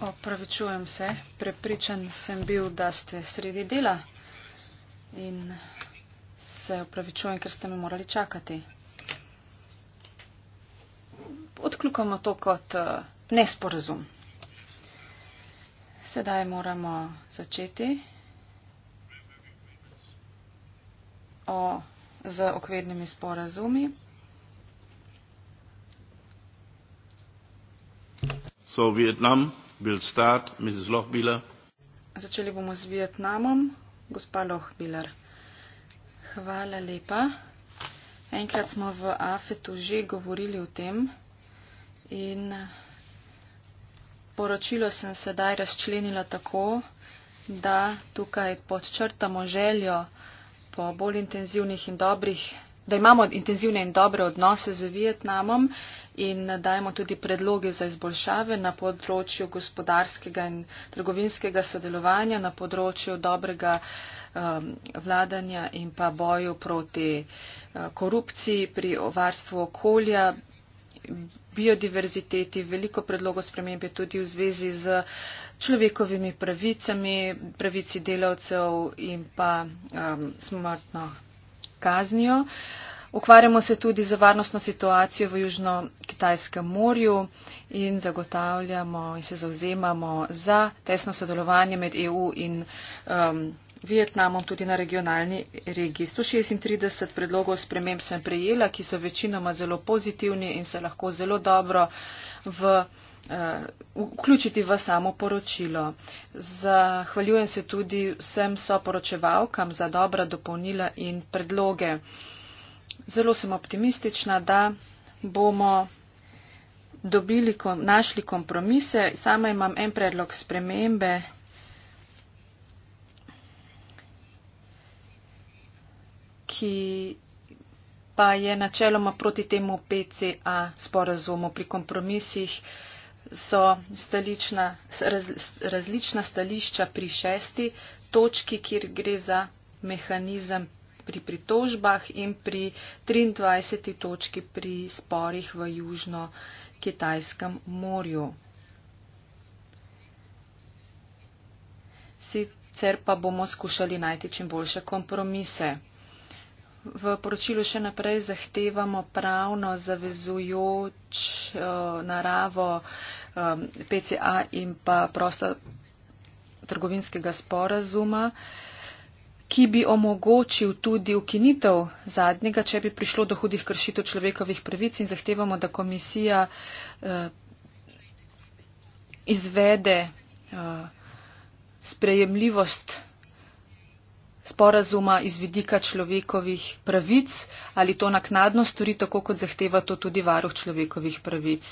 opravičujem se prepričan sem bil da ste sredi dela in se opravičujem ker ste me morali čakati odkljukamo to kot eh, nesporazum sedaj moramo začeti o, z okvirnimi sporazumi So Vietnam, we'll start, Mrs. Lochbiller. Začeli bomo z Vietnamom, gospa Lochbiller. Hvala lepa. Enkrat smo v AFET-u že govorili o tem in poročilo sem sedaj razčlenila tako, da tukaj podčrtamo željo po bolj intenzivnih in dobrih, da imamo intenzivne in dobre odnose z Vietnamom. Uh, in dajemo tudi predloge za izboljšave na področju gospodarskega in trgovinskega sodelovanja, na področju dobrega um, vladanja in pa boju proti uh, korupciji pri varstvu okolja biodiverziteti, veliko predlogov spremembe tudi v zvezi z človekovimi pravicami, pravici delavcev in pa um, smrtno kaznijo. Uh, Ukvarjamo se tudi z varnostno situacijo v Južno-Kitajskem morju in zagotavljamo in se zauzemamo za tesno sodelovanje med EU in um, Vietnamom tudi na regionalni regiji. 136 predlogov sprememb sem prejela, ki so večinoma zelo pozitivni in se lahko zelo dobro v, uh, vključiti v samo poročilo. Zahvaljujem se tudi vsem soporočevalkam za dobra dopolnila in predloge. Uh, zelo sem optimistična, da bomo dobili, našli kompromise. Sama imam en predlog spremembe. ki pa je načeloma proti temu PCA sporazumu. Pri kompromisih so stalična, raz, različna stališča pri šesti točki, kjer gre za mehanizem pri pritožbah in pri 23. točki pri sporih v Južno-Kitajskem morju. Sicer pa bomo skušali najti čim boljše kompromise. V poročilu še naprej zahtevamo pravno zavezujoč uh, naravo um, eh, PCA in pa prosto trgovinskega sporazuma. Uh, ki bi omogočil tudi ukinitev zadnjega, če bi prišlo do hudih kršitev človekovih pravic in zahtevamo, da komisija eh, izvede eh, sprejemljivost sporazuma iz vidika človekovih pravic ali to naknadno stori, tako kot zahteva to tudi varuh človekovih pravic.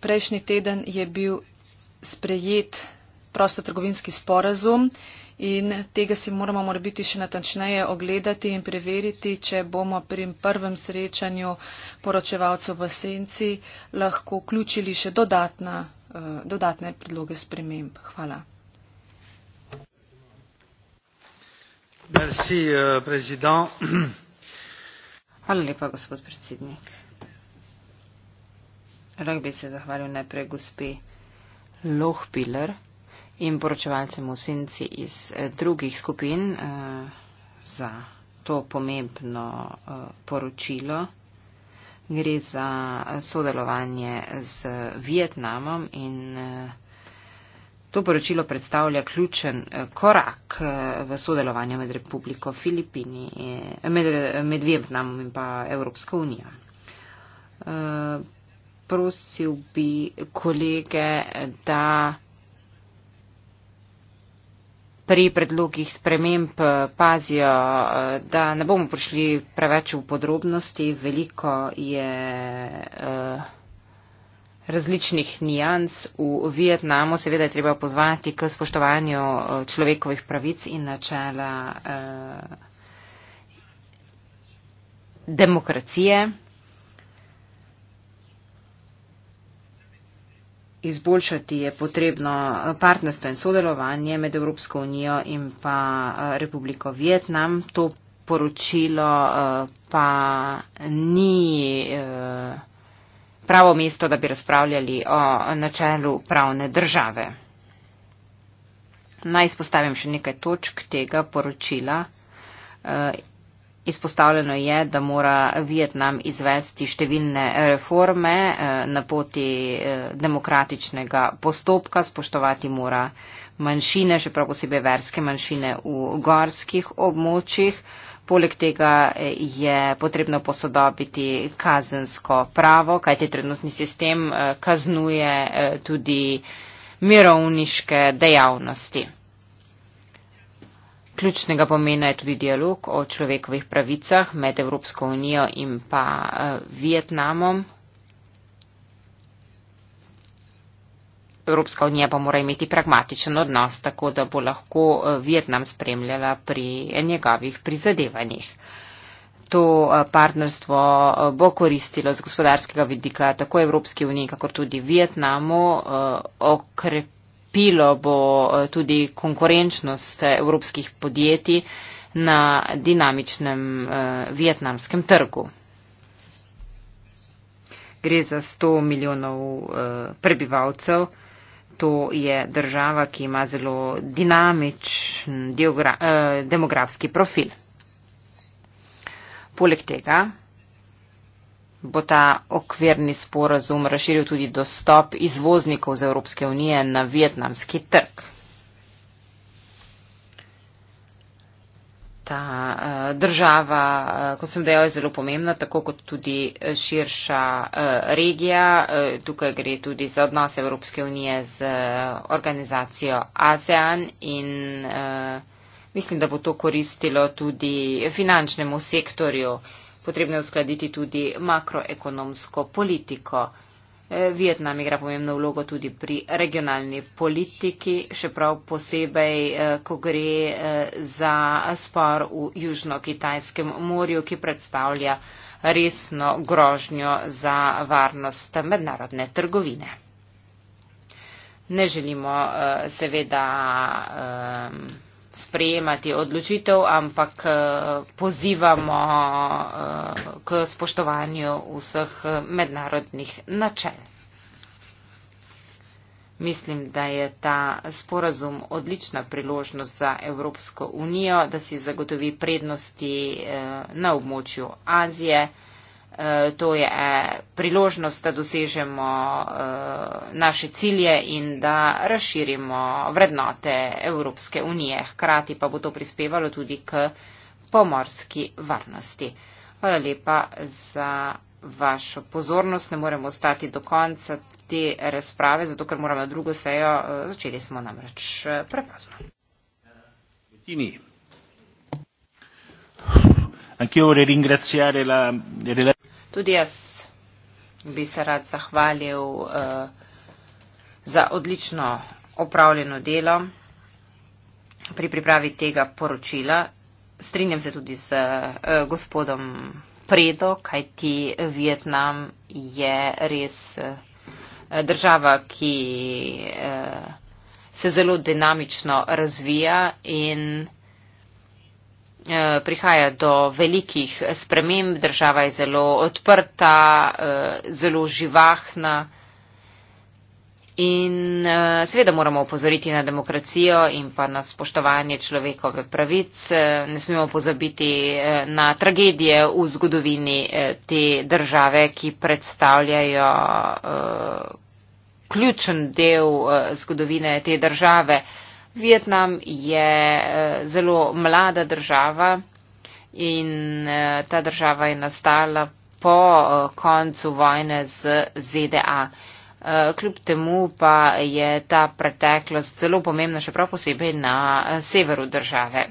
Prejšnji teden je bil sprejet prostotrgovinski sporazum in tega si moramo morbiti še natančneje ogledati in preveriti, če bomo pri prvem srečanju poročevalcev v senci lahko vključili še dodatna, eh, dodatne predloge sprememb. Hvala. Merci, uh, Hvala lepa, gospod predsednik. Rad bi se zahvalil najprej gospi Lohpiller in poročevalcem v senci iz eh, drugih skupin eh, za to pomembno eh, poročilo. Gre za sodelovanje z Vietnamom in to poročilo predstavlja ključen korak v sodelovanju med Republiko Filipini, med, med Vietnamom in pa Evropsko unijo. Prosil bi kolege, da pri predlogih sprememb eh, pazijo, eh, da ne bomo prišli preveč v podrobnosti. Veliko je eh, različnih nijans v Vietnamu. Seveda je treba pozvati k spoštovanju človekovih pravic in načela demokracije. izboljšati je potrebno eh, partnerstvo in sodelovanje med Evropsko unijo in pa eh, Republiko Vietnam. To poročilo eh, pa ni pravo mesto, da bi razpravljali o načelu pravne države. Naj izpostavim še nekaj točk tega poročila. Izpostavljeno je, da mora Vietnam izvesti številne reforme eh, na poti eh, demokratičnega postopka, spoštovati mora manjšine, še prav posebej verske manjšine v gorskih območjih. Poleg tega eh, je potrebno posodobiti kazensko pravo, kajti trenutni sistem kaznuje tudi mirovniške dejavnosti. Ključnega pomena je tudi dialog o človekovih pravicah med Evropsko unijo in pa uh, Vietnamom. Evropska unija pa mora imeti pragmatičen odnos, tako da bo lahko eh, Vietnam spremljala pri njegovih prizadevanjih. To eh, partnerstvo bo koristilo z gospodarskega vidika tako Evropske unije, kako tudi Vietnamu, okrepiti okrepilo bo eh, tudi konkurenčnost evropskih podjetij na dinamičnem eh, vietnamskem trgu. Gre za 100 milijonov eh, prebivalcev. To je država, ki ima zelo dinamičen eh, demografski profil. Poleg tega bo ta okvirni sporazum razširil tudi dostop izvoznikov z Evropske unije na vietnamski trg. Ta uh, država, uh, kot sem dejal, je zelo pomembna, tako kot tudi eh, širša uh, regija. Uh, tukaj gre tudi za odnose Evropske unije z uh, organizacijo ASEAN in uh, mislim, da bo to koristilo tudi finančnemu sektorju uh, potrebno je uskladiti tudi makroekonomsko politiko. E, Vietnam igra pomembno vlogo tudi pri regionalni politiki, še prav posebej, e, ko gre e, za spor v Južno-Kitajskem morju, ki predstavlja resno grožnjo za varnost mednarodne trgovine. Ne želimo seveda. Um, sprejemati odločitev, ampak eh, pozivamo eh, k spoštovanju vseh eh, mednarodnih načel. Mislim, da je ta sporazum odlična priložnost za Evropsko unijo, da si zagotovi prednosti na območju Azije. Eh, to je eh, priložnost, da dosežemo eh, naše cilje in da razširimo vrednote Evropske unije. Hkrati pa bo to prispevalo tudi k pomorski varnosti. Hvala lepa za vašo pozornost. Ne moremo ostati do konca te razprave, zato ker moramo drugo sejo. Začeli smo namreč prepozno. Hvala. Anch'io vorrei ringraziare la relazione. bi se rad zahvalil uh, za odlično opravljeno delo pri pripravi tega poročila. Strinjam se tudi z uh, gospodom Predo, kajti Vietnam je res uh, država, ki uh, se zelo dinamično razvija in Eh, prihaja do velikih sprememb, država je zelo odprta, eh, zelo živahna. In eh, seveda moramo upozoriti na demokracijo in pa na spoštovanje človekove pravic. Ne smemo pozabiti na tragedije v zgodovini te države, ki predstavljajo ključen del zgodovine te države. Vietnam je eh, zelo mlada država in eh, ta država je nastala po eh, koncu vojne z ZDA. Kljub temu pa je ta preteklost zelo pomembna, še prav posebej na severu države.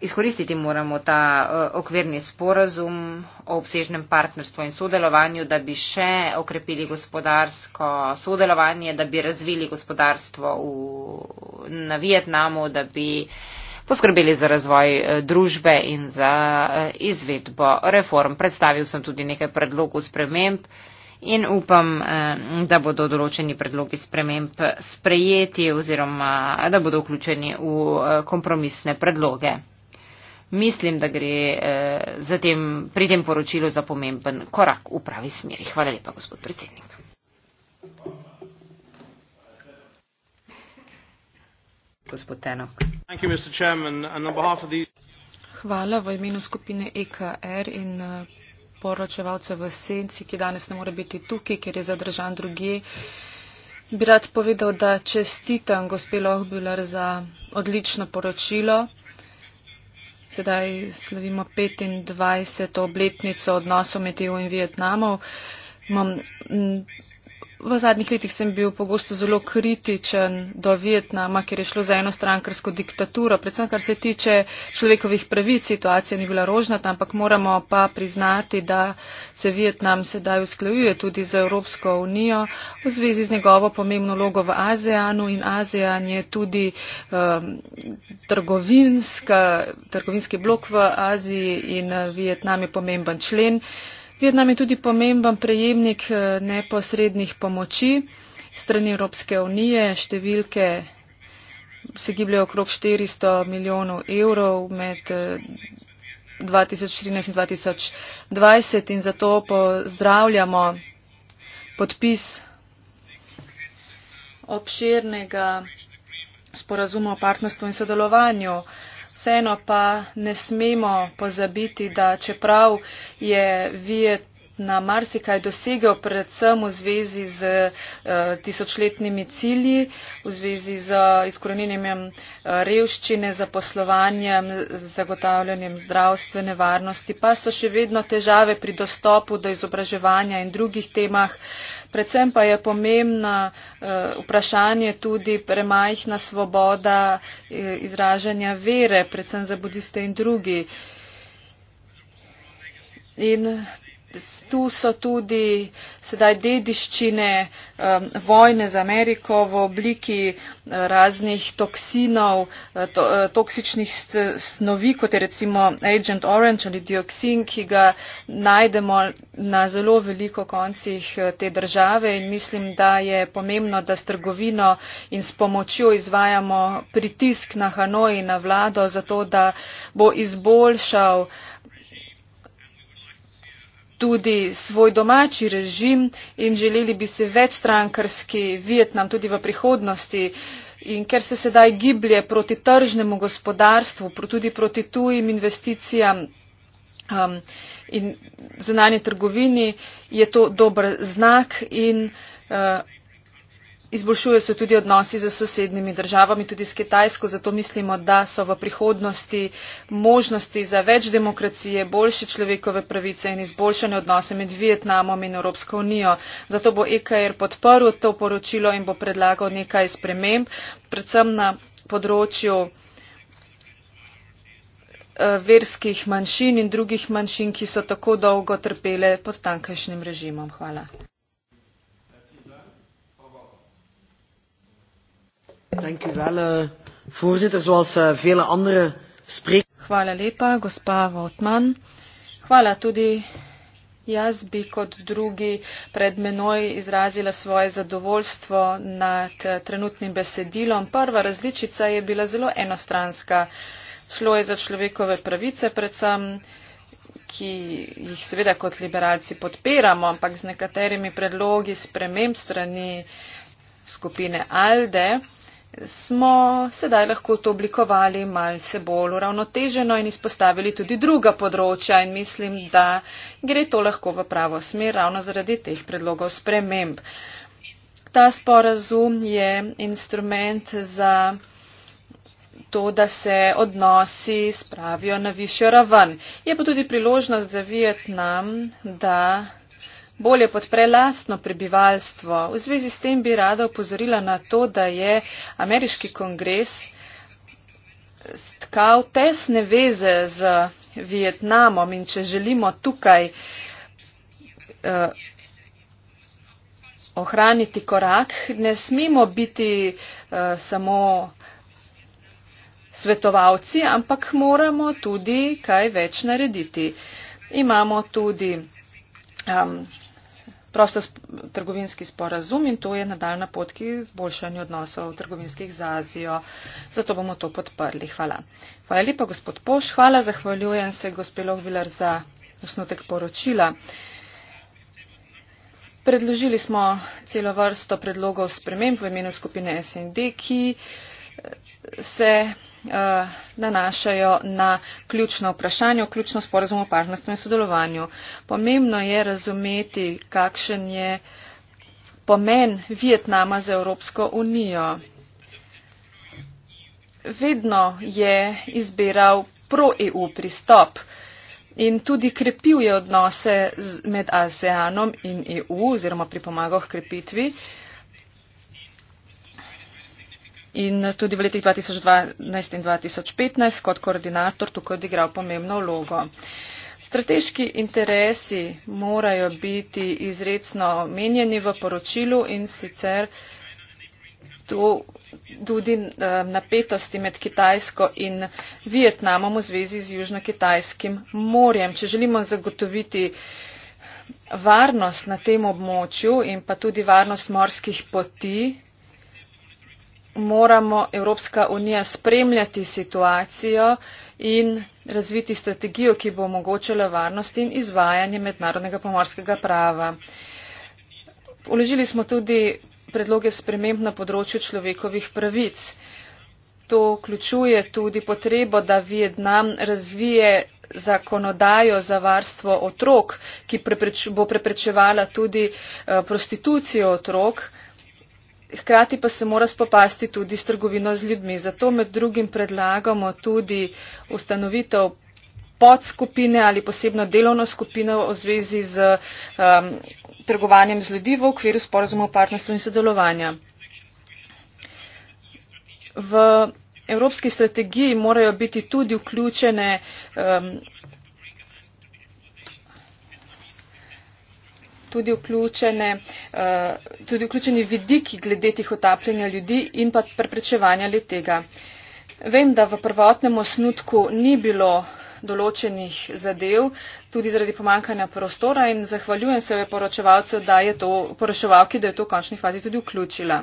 Izkoristiti moramo ta eh, okvirni sporazum o obsežnem partnerstvu in sodelovanju, da bi še okrepili gospodarsko sodelovanje, da bi razvili gospodarstvo v, na Vietnamu, da bi poskrbeli za razvoj eh, družbe in za eh, izvedbo reform. Predstavil sem tudi nekaj predlogov sprememb in upam, da bodo določeni predlogi sprememb sprejeti oziroma da bodo vključeni v kompromisne predloge mislim, da gre eh, tem, pri tem poročilu za pomemben korak v pravi smeri. Hvala lepa, gospod predsednik. Hvala v imenu skupine EKR in eh, poročevalca v senci, ki danes ne more biti tukaj, ker je zadržan druge. Bi rad povedal, da čestitam gospe Lohbüler za odlično poročilo. Sedaj slavimo 25. obletnico odnosov med EU in Vietnamom. Imam V zadnjih letih sem bil pogosto zelo kritičen do Vietnama, ker je šlo za enostrankarsko diktaturo, predvsem kar se tiče človekovih pravic, situacija ni bila rožnata, ampak moramo pa priznati, da se Vietnam sedaj usklajuje tudi z Evropsko unijo v zvezi z njegovo pomembno logo v ASEANu in ASEAN je tudi um, trgovinska, trgovinski blok v Aziji in uh, Vietnam je pomemben člen. Uh, Vietnam je tudi pomemben prejemnik eh, neposrednih pomoči strani Evropske unije. Številke se gibljajo okrog 400 milijonov evrov med 2014 eh, in 2020 in zato pozdravljamo podpis obširnega sporazuma o partnerstvu in sodelovanju. Vseeno pa ne smemo pozabiti, da čeprav je Viet na marsikaj dosegel, predvsem v zvezi z uh, tisočletnimi cilji, v zvezi z izkoreninjenjem eh, revščine, zaposlovanjem, zagotavljanjem zdravstvene varnosti, pa so še vedno težave pri dostopu do izobraževanja in drugih temah, uh, predvsem pa je pomembna eh, vprašanje tudi premajhna svoboda eh, izražanja vere, predvsem za budiste in drugi. In tu so tudi sedaj dediščine um, vojne z Ameriko v obliki eh, raznih toksinov, eh, to, eh, toksičnih snovi, kot je recimo Agent Orange ali dioksin, ki ga najdemo na zelo veliko koncih te države in mislim, da je pomembno, da s trgovino in s pomočjo izvajamo pritisk na Hanoj in na vlado, zato da bo izboljšal uh, tudi svoj domači režim in želeli bi si več strankarski Vietnam tudi v prihodnosti. In ker se sedaj giblje proti tržnemu gospodarstvu, tudi proti tujim investicijam um, in zunanje trgovini, je to dober znak in uh, Izboljšujejo se tudi odnosi z sosednjimi državami, tudi s Kitajsko, zato mislimo, da so v prihodnosti možnosti za več demokracije, boljše človekove pravice in izboljšanje odnose med Vietnamom in Evropsko unijo. Zato bo EKR podprl to poročilo in bo predlagal nekaj sprememb, predvsem na področju eh, verskih manjšin in drugih manjšin, ki so tako dolgo trpele pod tankajšnjim režimom. Hvala. Eh, voorzitter. Zoals eh, vele andere sprekers. Hvala lepa, gospa Votman. Hvala tudi. Jaz bi kot drugi pred menoj izrazila svoje zadovoljstvo nad eh, trenutnim besedilom. Prva različica je bila zelo enostranska. Šlo je za človekove pravice predvsem, ki jih seveda kot liberalci podpiramo, ampak z nekaterimi predlogi sprememb strani skupine ALDE smo sedaj lahko to oblikovali malce bolj uravnoteženo in izpostavili tudi druga področja in mislim, da gre to lahko v pravo smer ravno zaradi teh predlogov sprememb. Ta sporazum je instrument za to, da se odnosi spravijo na višjo raven. Je pa tudi priložnost za Vietnam, da bolje podpre lastno prebivalstvo. V zvezi s tem bi rada opozorila na to, da je ameriški kongres stkal tesne veze z Vietnamom in če želimo tukaj eh, ohraniti korak, ne smemo biti eh, samo svetovalci, ampak moramo tudi kaj več narediti. Imamo tudi um, prostotrgovinski sporazum in to je nadaljna pot k izboljšanju odnosov trgovinskih za Azijo. Zato bomo to podprli. Hvala. Hvala lepa, gospod Poš. Hvala. Zahvaljujem se, gospod Lohviler, za osnutek poročila. Predložili smo celo vrsto predlogov sprememb v imenu skupine SND, ki. Uh, se eh, nanašajo na ključno vprašanje, vključno sporozum o partnerstvu in sodelovanju. Pomembno je razumeti, kakšen je pomen Vietnama za Evropsko unijo. Vedno je izbiral pro-EU pristop in tudi krepil je odnose med ASEANom in EU oziroma pripomagal krepitvi. Uh, in tudi v letih 2012 in 2015 kot koordinator tukaj odigral pomembno vlogo. Strateški interesi morajo biti izredno menjeni v poročilu in sicer tu tudi eh, napetosti med Kitajsko in Vietnamom v zvezi z Južno-Kitajskim morjem. Če želimo zagotoviti varnost na tem območju in pa tudi varnost morskih poti, moramo Evropska unija spremljati situacijo in razviti strategijo, ki bo omogočala varnost in izvajanje mednarodnega pomorskega prava. Uložili smo tudi predloge sprememb na področju človekovih pravic. To vključuje tudi potrebo, da Vietnam razvije zakonodajo za varstvo otrok, ki bo preprečevala tudi eh, prostitucijo otrok. Hkrati pa se mora spopasti tudi s trgovino z ljudmi. Zato med drugim predlagamo tudi ustanovitev podskupine ali posebno delovno skupino v zvezi z um, trgovanjem z ljudmi v okviru sporozumov partnerstva in sodelovanja. V evropski strategiji morajo biti tudi vključene um, tudi, vključene, eh, tudi vključeni vidiki glede tih otapljanja ljudi in pa preprečevanja le tega. Vem, da v prvotnem osnutku ni bilo določenih zadev, tudi zaradi pomankanja prostora in zahvaljujem se poročevalcu, da je to, poročevalki, da je to v končni fazi tudi vključila.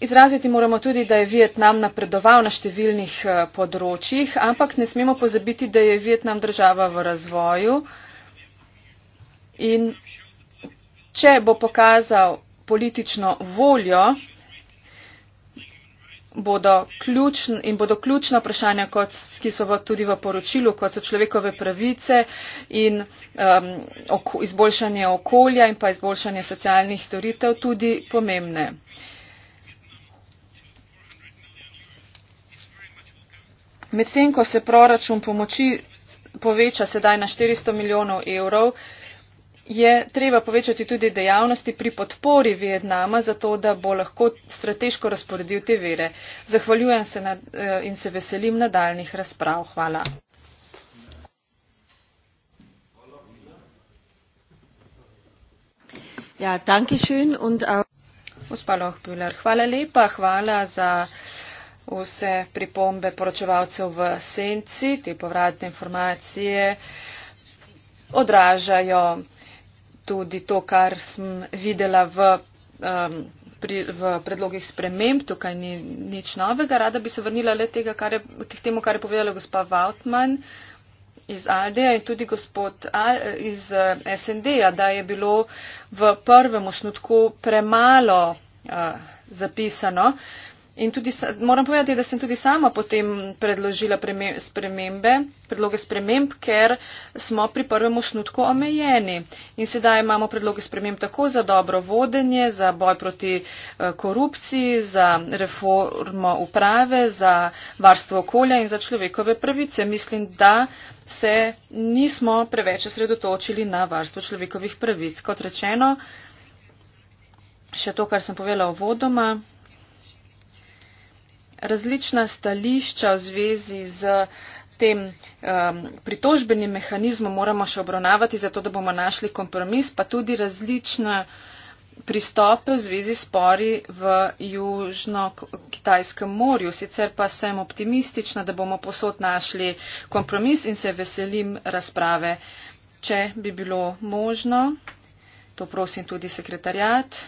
Izraziti moramo tudi, da je Vietnam napredoval na številnih eh, področjih, ampak ne smemo pozabiti, da je Vietnam država v razvoju. Uh, in če bo pokazal politično voljo, bodo ključn, in bodo ključna vprašanja, kot, ki so v, tudi v poročilu, kot so človekove pravice in um, oko, izboljšanje okolja in pa izboljšanje socialnih storitev, tudi pomembne. Medtem, ko se proračun pomoči poveča sedaj na 400 milijonov evrov, je treba povečati tudi dejavnosti pri podpori Vietnama, zato da bo lahko strateško razporedil te vere. Zahvaljujem se nad, eh, in se veselim nadaljnih razprav. Hvala. Ja, dankeschön und auch. Hvala lepa, hvala za vse pripombe poročevalcev v senci. Te povratne informacije odražajo tudi to, kar sem videla v, um, pri, v predlogih sprememb, tukaj ni nič novega. Rada bi se vrnila le tega, kar je, k temu, kar je povedala gospa Vautman iz Aldeja in tudi gospod Al, iz eh, SND-ja, da je bilo v prvem osnutku premalo uh, zapisano. Uh, In tudi, moram povedati, da sem tudi sama potem predložila spremembe, predloge sprememb, ker smo pri prvem osnutku omejeni. In sedaj imamo predloge sprememb tako za dobro vodenje, za boj proti eh, korupciji, za reformo uprave, za varstvo okolja in za človekove pravice. Mislim, da se nismo preveč osredotočili na varstvo človekovih pravic. Kot rečeno, še to, kar sem povedala o vodoma različna stališča v zvezi z tem um, pritožbenim mehanizmom moramo še obravnavati, zato da bomo našli kompromis, pa tudi različne pristope v zvezi s pori v Južno-Kitajskem morju. Sicer pa sem optimistična, da bomo posod našli kompromis in se veselim razprave. Če bi bilo možno, to prosim tudi sekretarjat,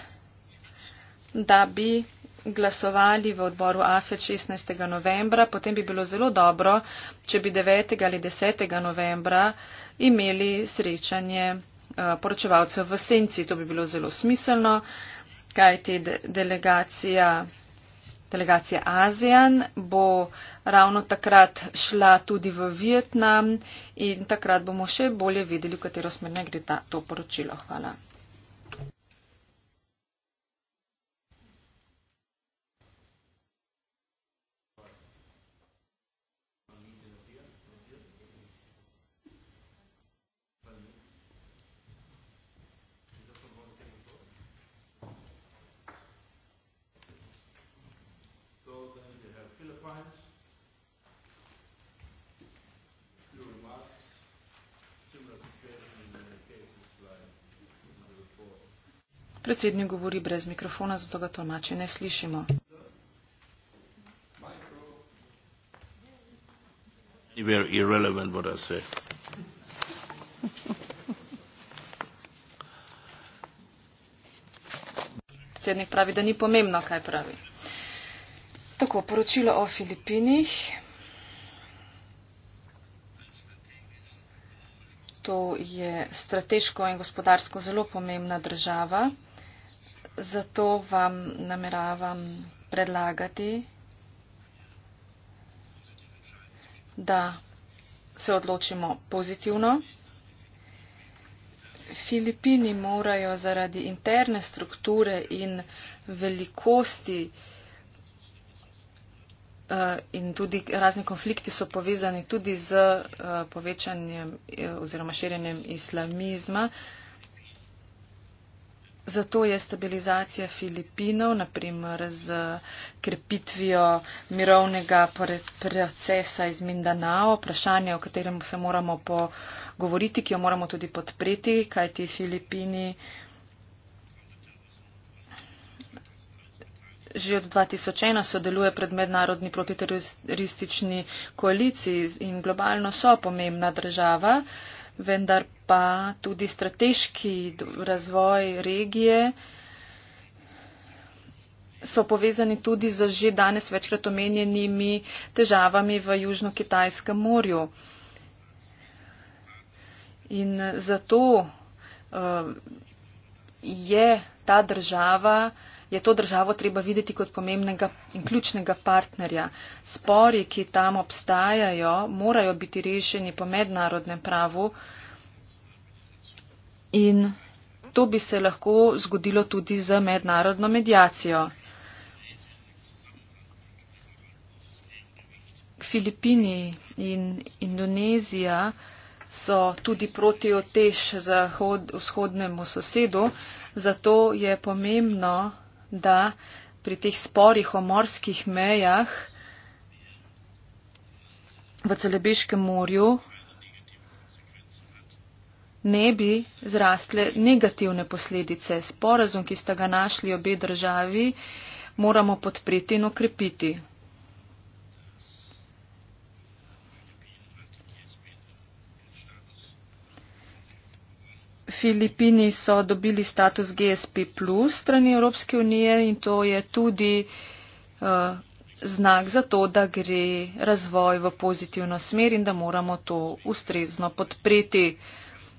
da bi glasovali v odboru AFE 16. novembra, potem bi bilo zelo dobro, če bi 9. ali 10. novembra imeli srečanje eh, poročevalcev v senci. To bi bilo zelo smiselno, kajti delegacija. Delegacija ASEAN bo ravno takrat šla tudi v Vietnam in takrat bomo še bolje vedeli, v katero smer ne gre ta, to poročilo. Hvala. Predsednik govori brez mikrofona, zato ga tolmači ne slišimo. Predsednik pravi, da ni pomembno, kaj pravi. Tako, poročilo o Filipinih. To je strateško in gospodarsko zelo pomembna država zato vam nameravam predlagati, da se odločimo pozitivno. Filipini morajo zaradi interne strukture in velikosti eh, in tudi razni konflikti so povezani tudi z eh, povečanjem eh, oziroma širjenjem islamizma, Zato je stabilizacija Filipinov, naprimer z krepitvijo mirovnega procesa iz Mindanao, vprašanje, o katerem se moramo pogovoriti, ki jo moramo tudi podpreti, kaj ti Filipini. Že od 2001 sodeluje pred mednarodni protiteroristični koaliciji in globalno so pomembna država. Uh, vendar pa tudi strateški razvoj regije so povezani tudi z že danes večkrat omenjenimi težavami v Južno-Kitajskem morju. In zato uh, je ta država uh, je to državo treba videti kot pomembnega in ključnega partnerja. Spori, ki tam obstajajo, morajo biti rešeni po mednarodnem pravu in to bi se lahko zgodilo tudi z mednarodno medijacijo. Filipini in Indonezija so tudi proti otež vzhodnemu sosedu, zato je pomembno, da pri teh sporih o morskih mejah v Celebeškem morju ne bi zrastle negativne posledice. Sporazum, ki sta ga našli obe državi, moramo podpreti in okrepiti. Filipini so dobili status GSP plus strani Evropske unije in to je tudi uh, znak za to, da gre razvoj v pozitivno smer in da moramo to ustrezno podpreti.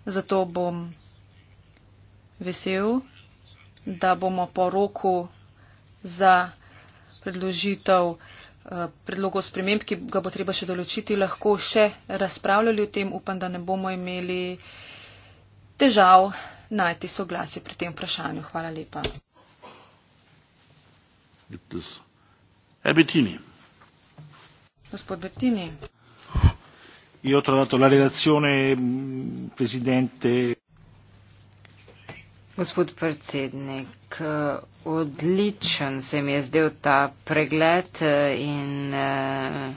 Zato bom vesel, da bomo po roku za predložitev eh, predlogo sprememb, ki ga bo treba še določiti, lahko še razpravljali o tem. Upam, da ne bomo imeli. Uh, težav najti soglasje pri tem vprašanju. Hvala lepa. Gospod Bertini. Io ho trovato la relazione, mm, Presidente. Gospod predsednik, odličen se mi je zdel ta pregled eh, in eh,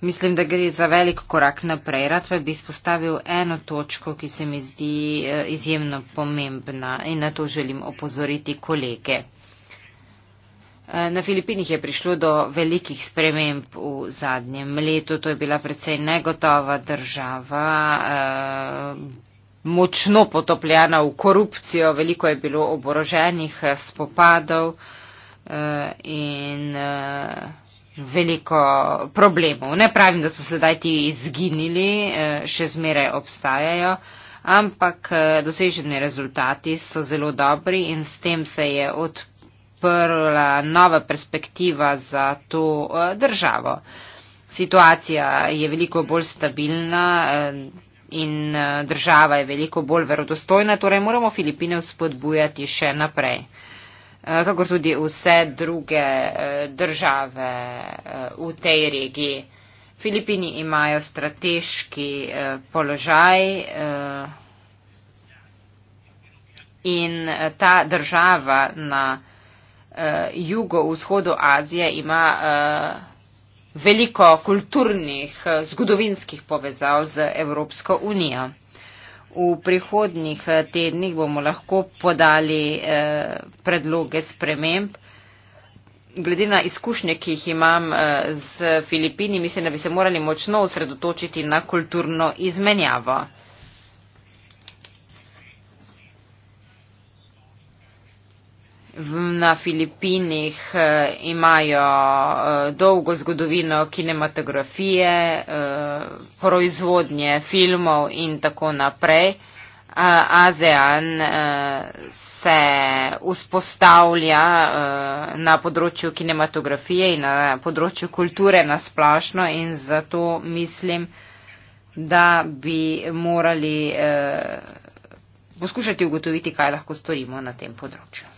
Mislim, da gre za velik korak naprej. Rad pa bi izpostavil eno točko, ki se mi zdi eh, izjemno pomembna in na to želim opozoriti kolege. Eh, na Filipinih je prišlo do velikih sprememb v zadnjem letu. To je bila precej negotova država, eh, močno potopljena v korupcijo, veliko je bilo oboroženih spopadov in veliko problemov. Ne pravim, da so sedaj ti izginili, eh, še zmeraj obstajajo, ampak eh, doseženi rezultati so zelo dobri in s tem se je odprla nova perspektiva za to eh, državo. Situacija je veliko bolj stabilna in država je veliko bolj verodostojna, torej moramo Filipine spodbujati še naprej. Eh, kako tudi vse druge eh, države eh, v tej regiji. Filipini imajo strateški položaj in ta država na jugo-vzhodu Azije ima veliko kulturnih, zgodovinskih povezav z Evropsko unijo. V prihodnih eh, tednih bomo lahko podali eh, predloge sprememb. Glede na izkušnje, ki jih imam eh, z Filipini, mislim, da bi se morali močno osredotočiti na kulturno izmenjavo. Na Filipinih imajo dolgo zgodovino kinematografije, proizvodnje filmov in tako naprej. ASEAN e, se vzpostavlja e, na področju kinematografije in na področju kulture nasplošno in zato mislim, da bi morali e, poskušati ugotoviti, kaj lahko storimo na tem področju.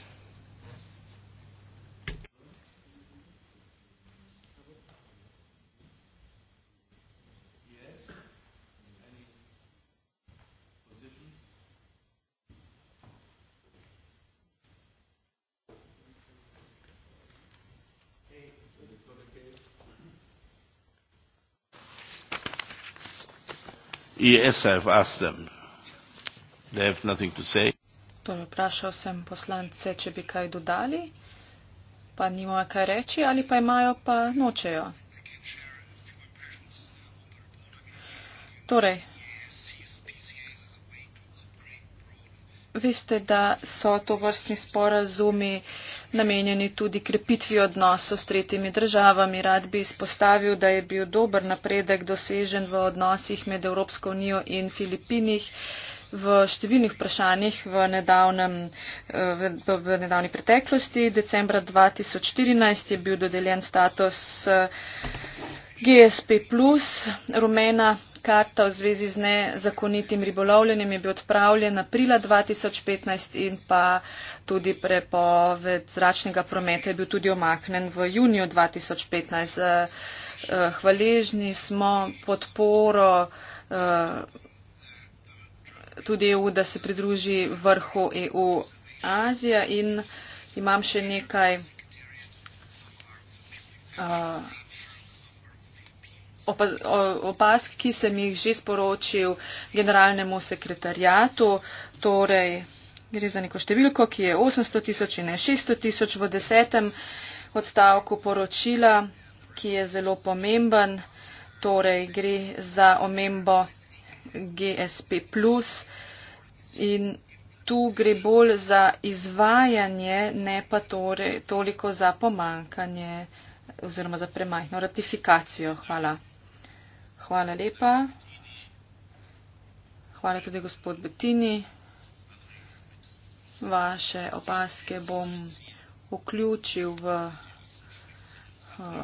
IS e have asked them. They have nothing to say. Torej, vprašal sem poslance, če bi kaj dodali, pa nimajo kaj reči ali pa imajo, pa nočejo. Torej, veste, da so to vrstni sporazumi. Uh, namenjeni tudi krepitvi odnosov s tretjimi državami. Rad bi izpostavil, da je bil dober napredek dosežen v odnosih med Evropsko unijo in Filipinih v številnih vprašanjih v, nedavnem, eh, v, v, v nedavni preteklosti. Decembra 2014 je bil dodeljen status eh, GSP, rumena karta v zvezi z nezakonitim ribolovljenjem je bil odpravljen aprila 2015 in pa tudi prepoved zračnega prometa je bil tudi omaknen v juniju 2015. Eh, hvaležni smo podporo eh, tudi EU, da se pridruži vrhu EU Azija in imam še nekaj. Eh, opask, ki sem jih že sporočil generalnemu sekretarjatu. Torej, gre za neko številko, ki je 800 tisoč in ne 600 tisoč v desetem odstavku poročila, ki je zelo pomemben. Torej, gre za omembo GSP. In tu gre bolj za izvajanje, ne pa torej, toliko za pomankanje oziroma za premajhno ratifikacijo. Hvala. Hvala lepa. Hvala tudi gospod Bettini. Vaše opaske bom vključil v uh,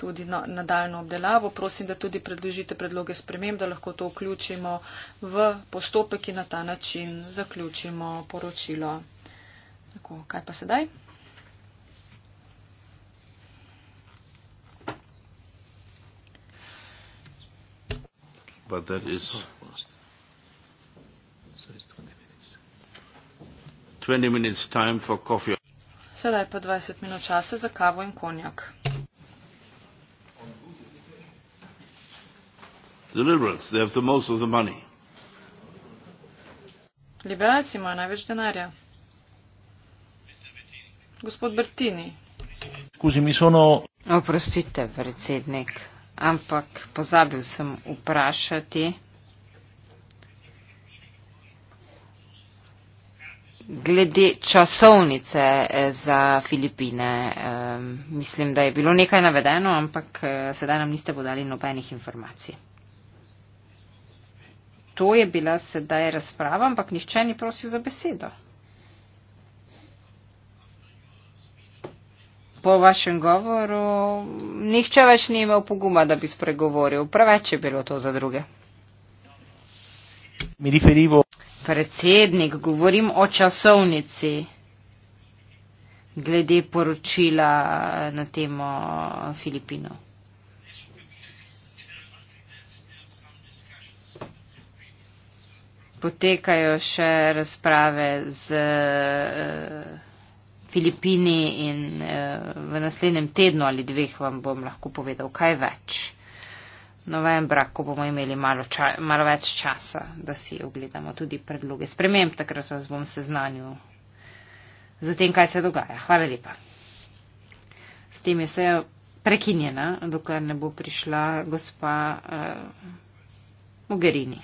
tudi nadaljno obdelavo. Prosim, da tudi predložite predloge sprememb, da lahko to vključimo v postopek in na ta način zaključimo poročilo. Tako, kaj pa sedaj? but that is 20 minutes time for coffee. Sedaj pa 20 minut časa za kavo in konjak. The liberals, they have the most of the money. Liberalci imajo največ denarja. Gospod Bertini. Oprostite, predsednik ampak pozabil sem vprašati, glede časovnice eh, za Filipine. Eh, mislim, da je bilo nekaj navedeno, ampak eh, sedaj nam niste podali nobenih informacij. To je bila sedaj razprava, ampak nihče ni prosil za besedo. po vašem govoru nihče več ni imel poguma, da bi spregovoril. Preveč je bilo to za druge. Mi riferivo. Predsednik, govorim o časovnici glede poročila na temo Filipinov. Potekajo še razprave z. Uh, Filipini in uh, v naslednjem tednu ali dveh vam bom lahko povedal kaj več. Novembra, ko bomo imeli malo, ča, malo več časa, da si ogledamo tudi predloge sprememb, takrat vas bom seznanil z tem, kaj se dogaja. Hvala lepa. S tem je se prekinjena, dokler ne bo prišla gospa uh, Mogherini.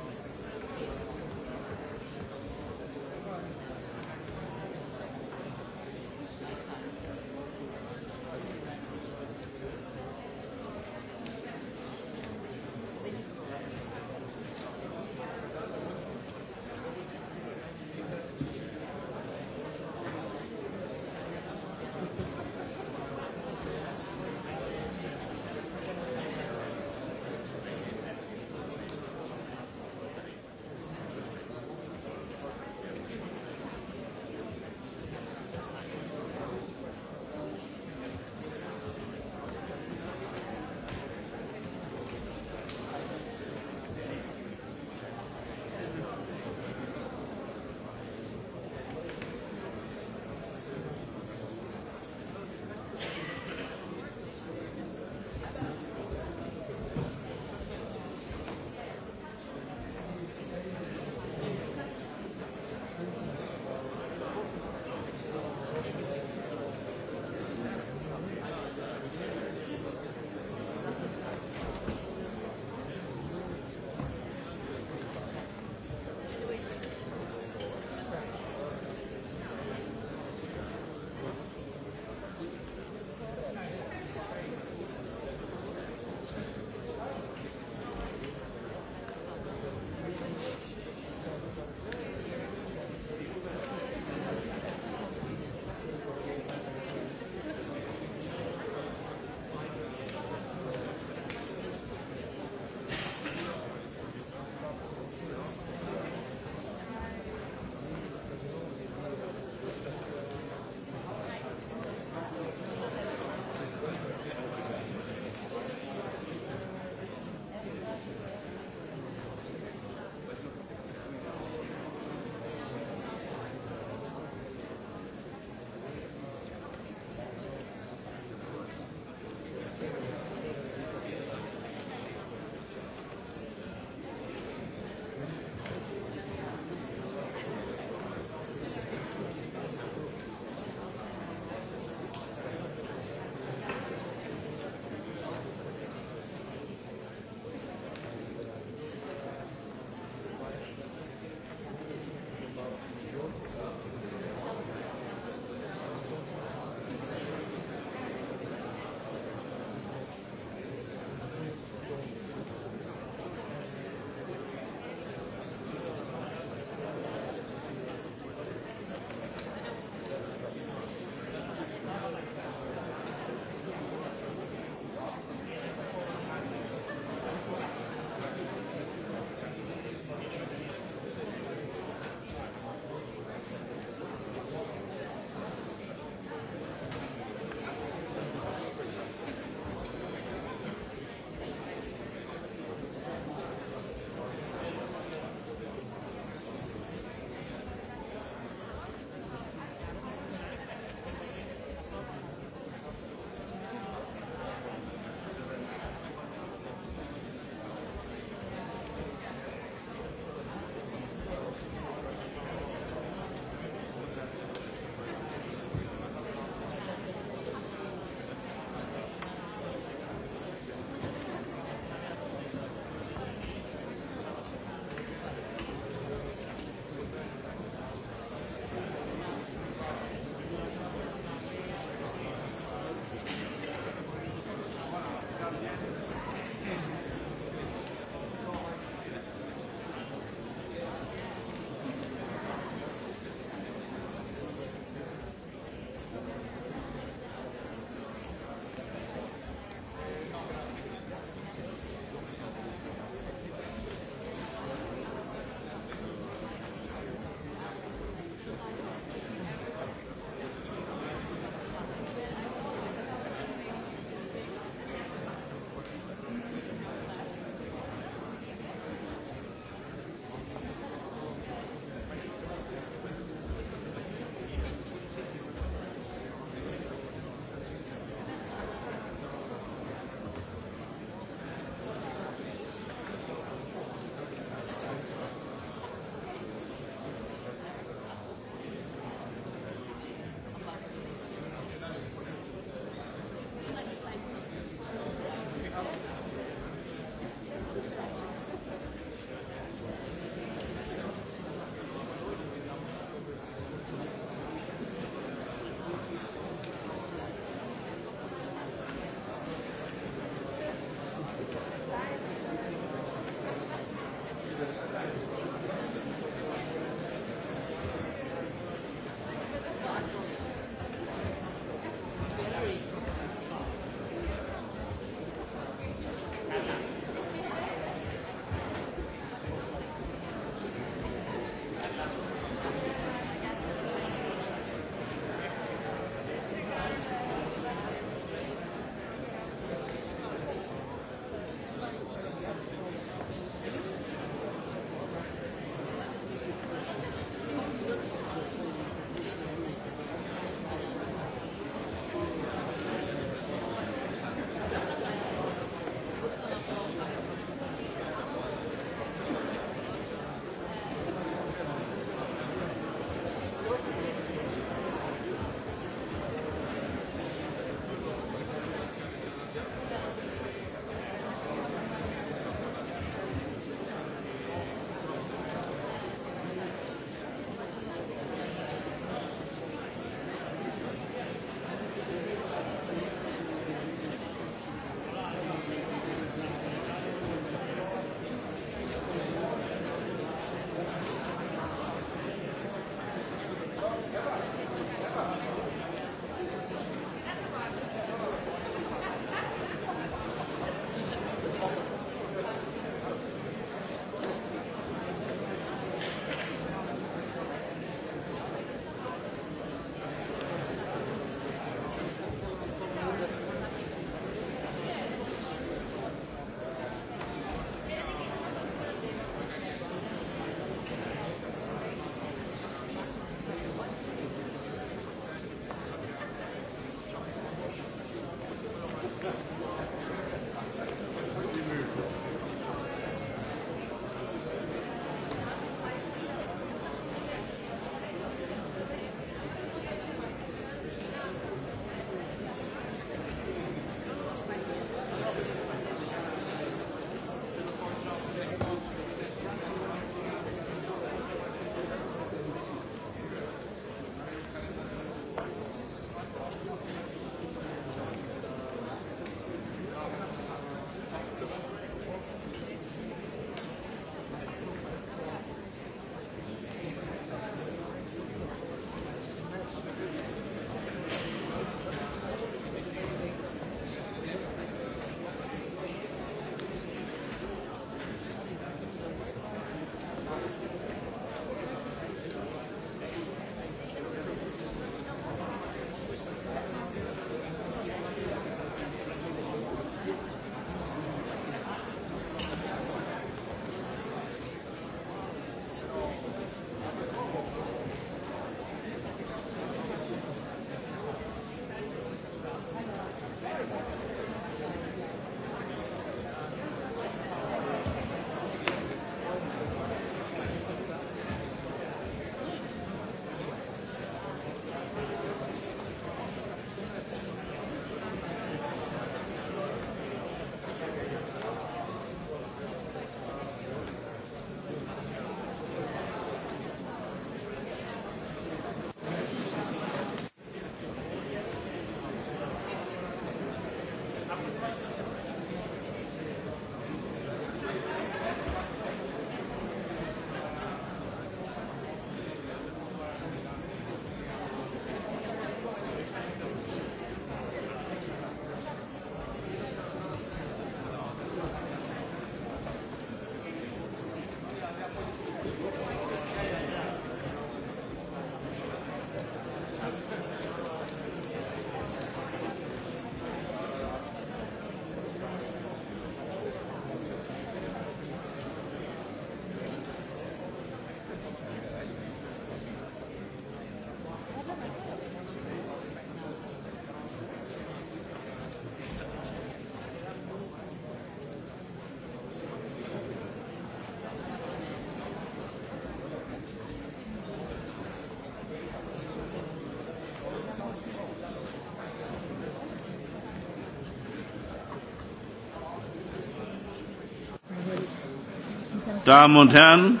Damen und Herren,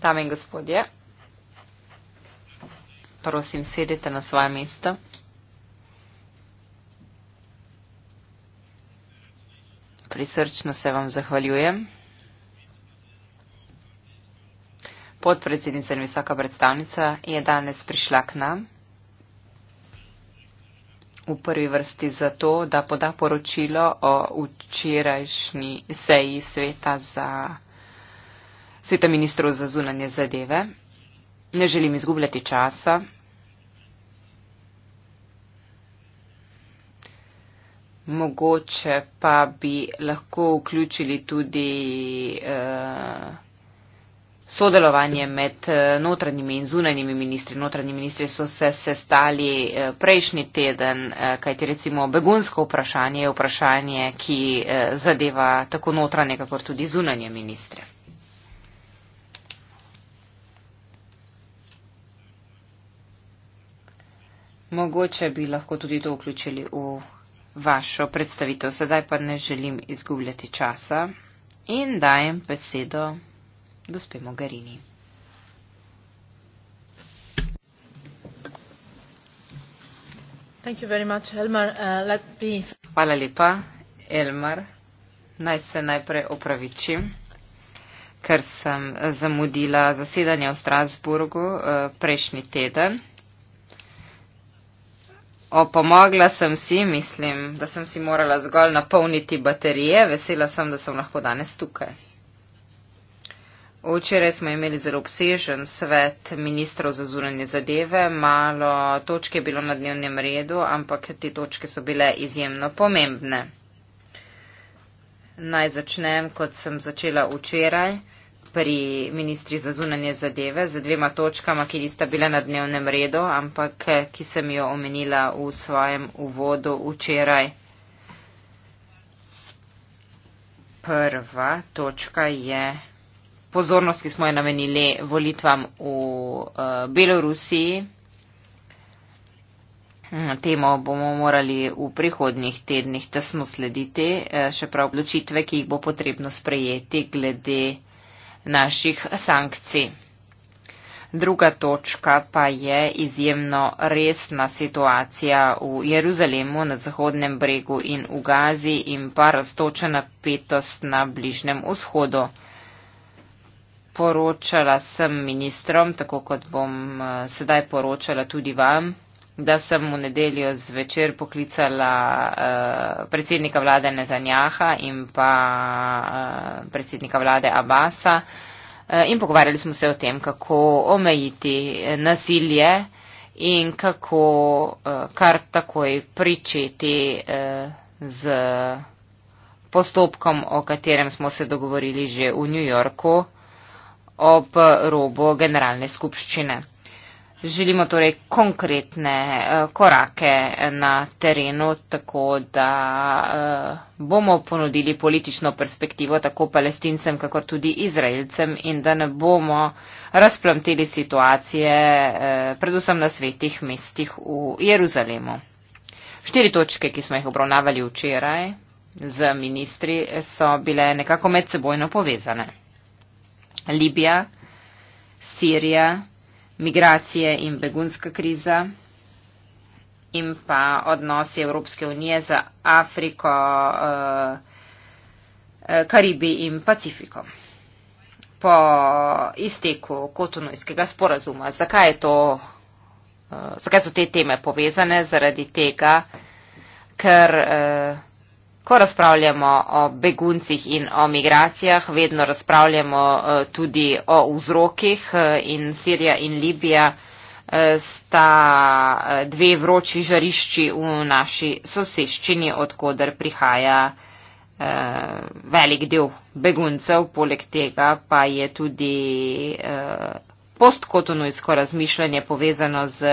Dame in gospodje, prosim, sedite na svoje mesto. Prisrčno se vam zahvaljujem. Podpredsednica in visoka predstavnica je danes prišla k nam v prvi vrsti zato, da poda poročilo o včerajšnji seji sveta za sveta ministrov za zunanje zadeve. Ne želim izgubljati časa. Mogoče pa bi lahko vključili tudi. Uh, sodelovanje med eh, notranjimi in zunanjimi ministri. Notranji ministri so se sestali eh, prejšnji teden, eh, kajti recimo begunsko vprašanje je vprašanje, ki zadeva tako notranje, kakor tudi zunanje ministre. Mogoče bi lahko tudi to vključili v vašo predstavitev, sedaj pa ne želim izgubljati časa in dajem besedo gospe Mogarini. Thank you very much, Elmar. Uh, let me... Hvala lepa, Elmar. Naj se najprej opravičim, ker sem zamudila zasedanje v Strasburgu uh, prejšnji teden. Opomogla sem si, mislim, da sem si morala zgolj napolniti baterije. Vesela sem, da sem lahko danes tukaj. Včeraj smo imeli zelo obsežen svet ministrov za zunanje zadeve, malo točke je bilo na dnevnem redu, ampak te točke so bile izjemno pomembne. Naj začnem, kot sem začela včeraj, pri ministri za zunanje zadeve, z dvema točkama, ki nista bila na dnevnem redu, ampak ki sem jo omenila v svojem uvodu včeraj. Prva točka je pozornost, ki smo jo namenili volitvam v uh, Belorusiji. Mm, temo bomo morali v prihodnih tednih tesno slediti, eh, še prav odločitve, ki jih bo potrebno sprejeti glede naših sankcij. Druga točka pa je izjemno resna situacija v Jeruzalemu na Zahodnem bregu in v Gazi in pa raztoča napetost na Bližnem vzhodu poročala sem ministrom, tako kot bom eh, sedaj poročala tudi vam, da sem v nedeljo zvečer poklicala eh, predsednika vlade Nezanjaha in pa eh, predsednika vlade Abasa in pogovarjali smo se o tem, kako omejiti nasilje in kako kar takoj pričeti z postopkom, o katerem smo se dogovorili že v New Yorku ob robu generalne skupščine. Želimo torej konkretne eh, korake eh, na terenu, tako da eh, bomo ponudili politično perspektivo tako palestincem, kako tudi izraelcem in da ne bomo razplamtili situacije, predvsem na svetih mestih v Jeruzalemu. Štiri točke, ki smo jih obravnavali včeraj z ministri, so bile nekako medsebojno povezane. Libija, Sirija, migracije in begunska kriza in pa odnosi Evropske unije za Afriko, eh, eh, Karibi in Pacifiko. Po izteku kotonojskega sporazuma, zakaj, to, eh, zakaj so te teme povezane? Zaradi tega, ker Ko razpravljamo o beguncih in o migracijah, vedno razpravljamo eh, tudi o vzrokih eh, in Sirija in Libija eh, sta dve vroči žarišči v naši soseščini, odkuder prihaja velik del beguncev, poleg tega pa je tudi postkotonujsko razmišljanje povezano z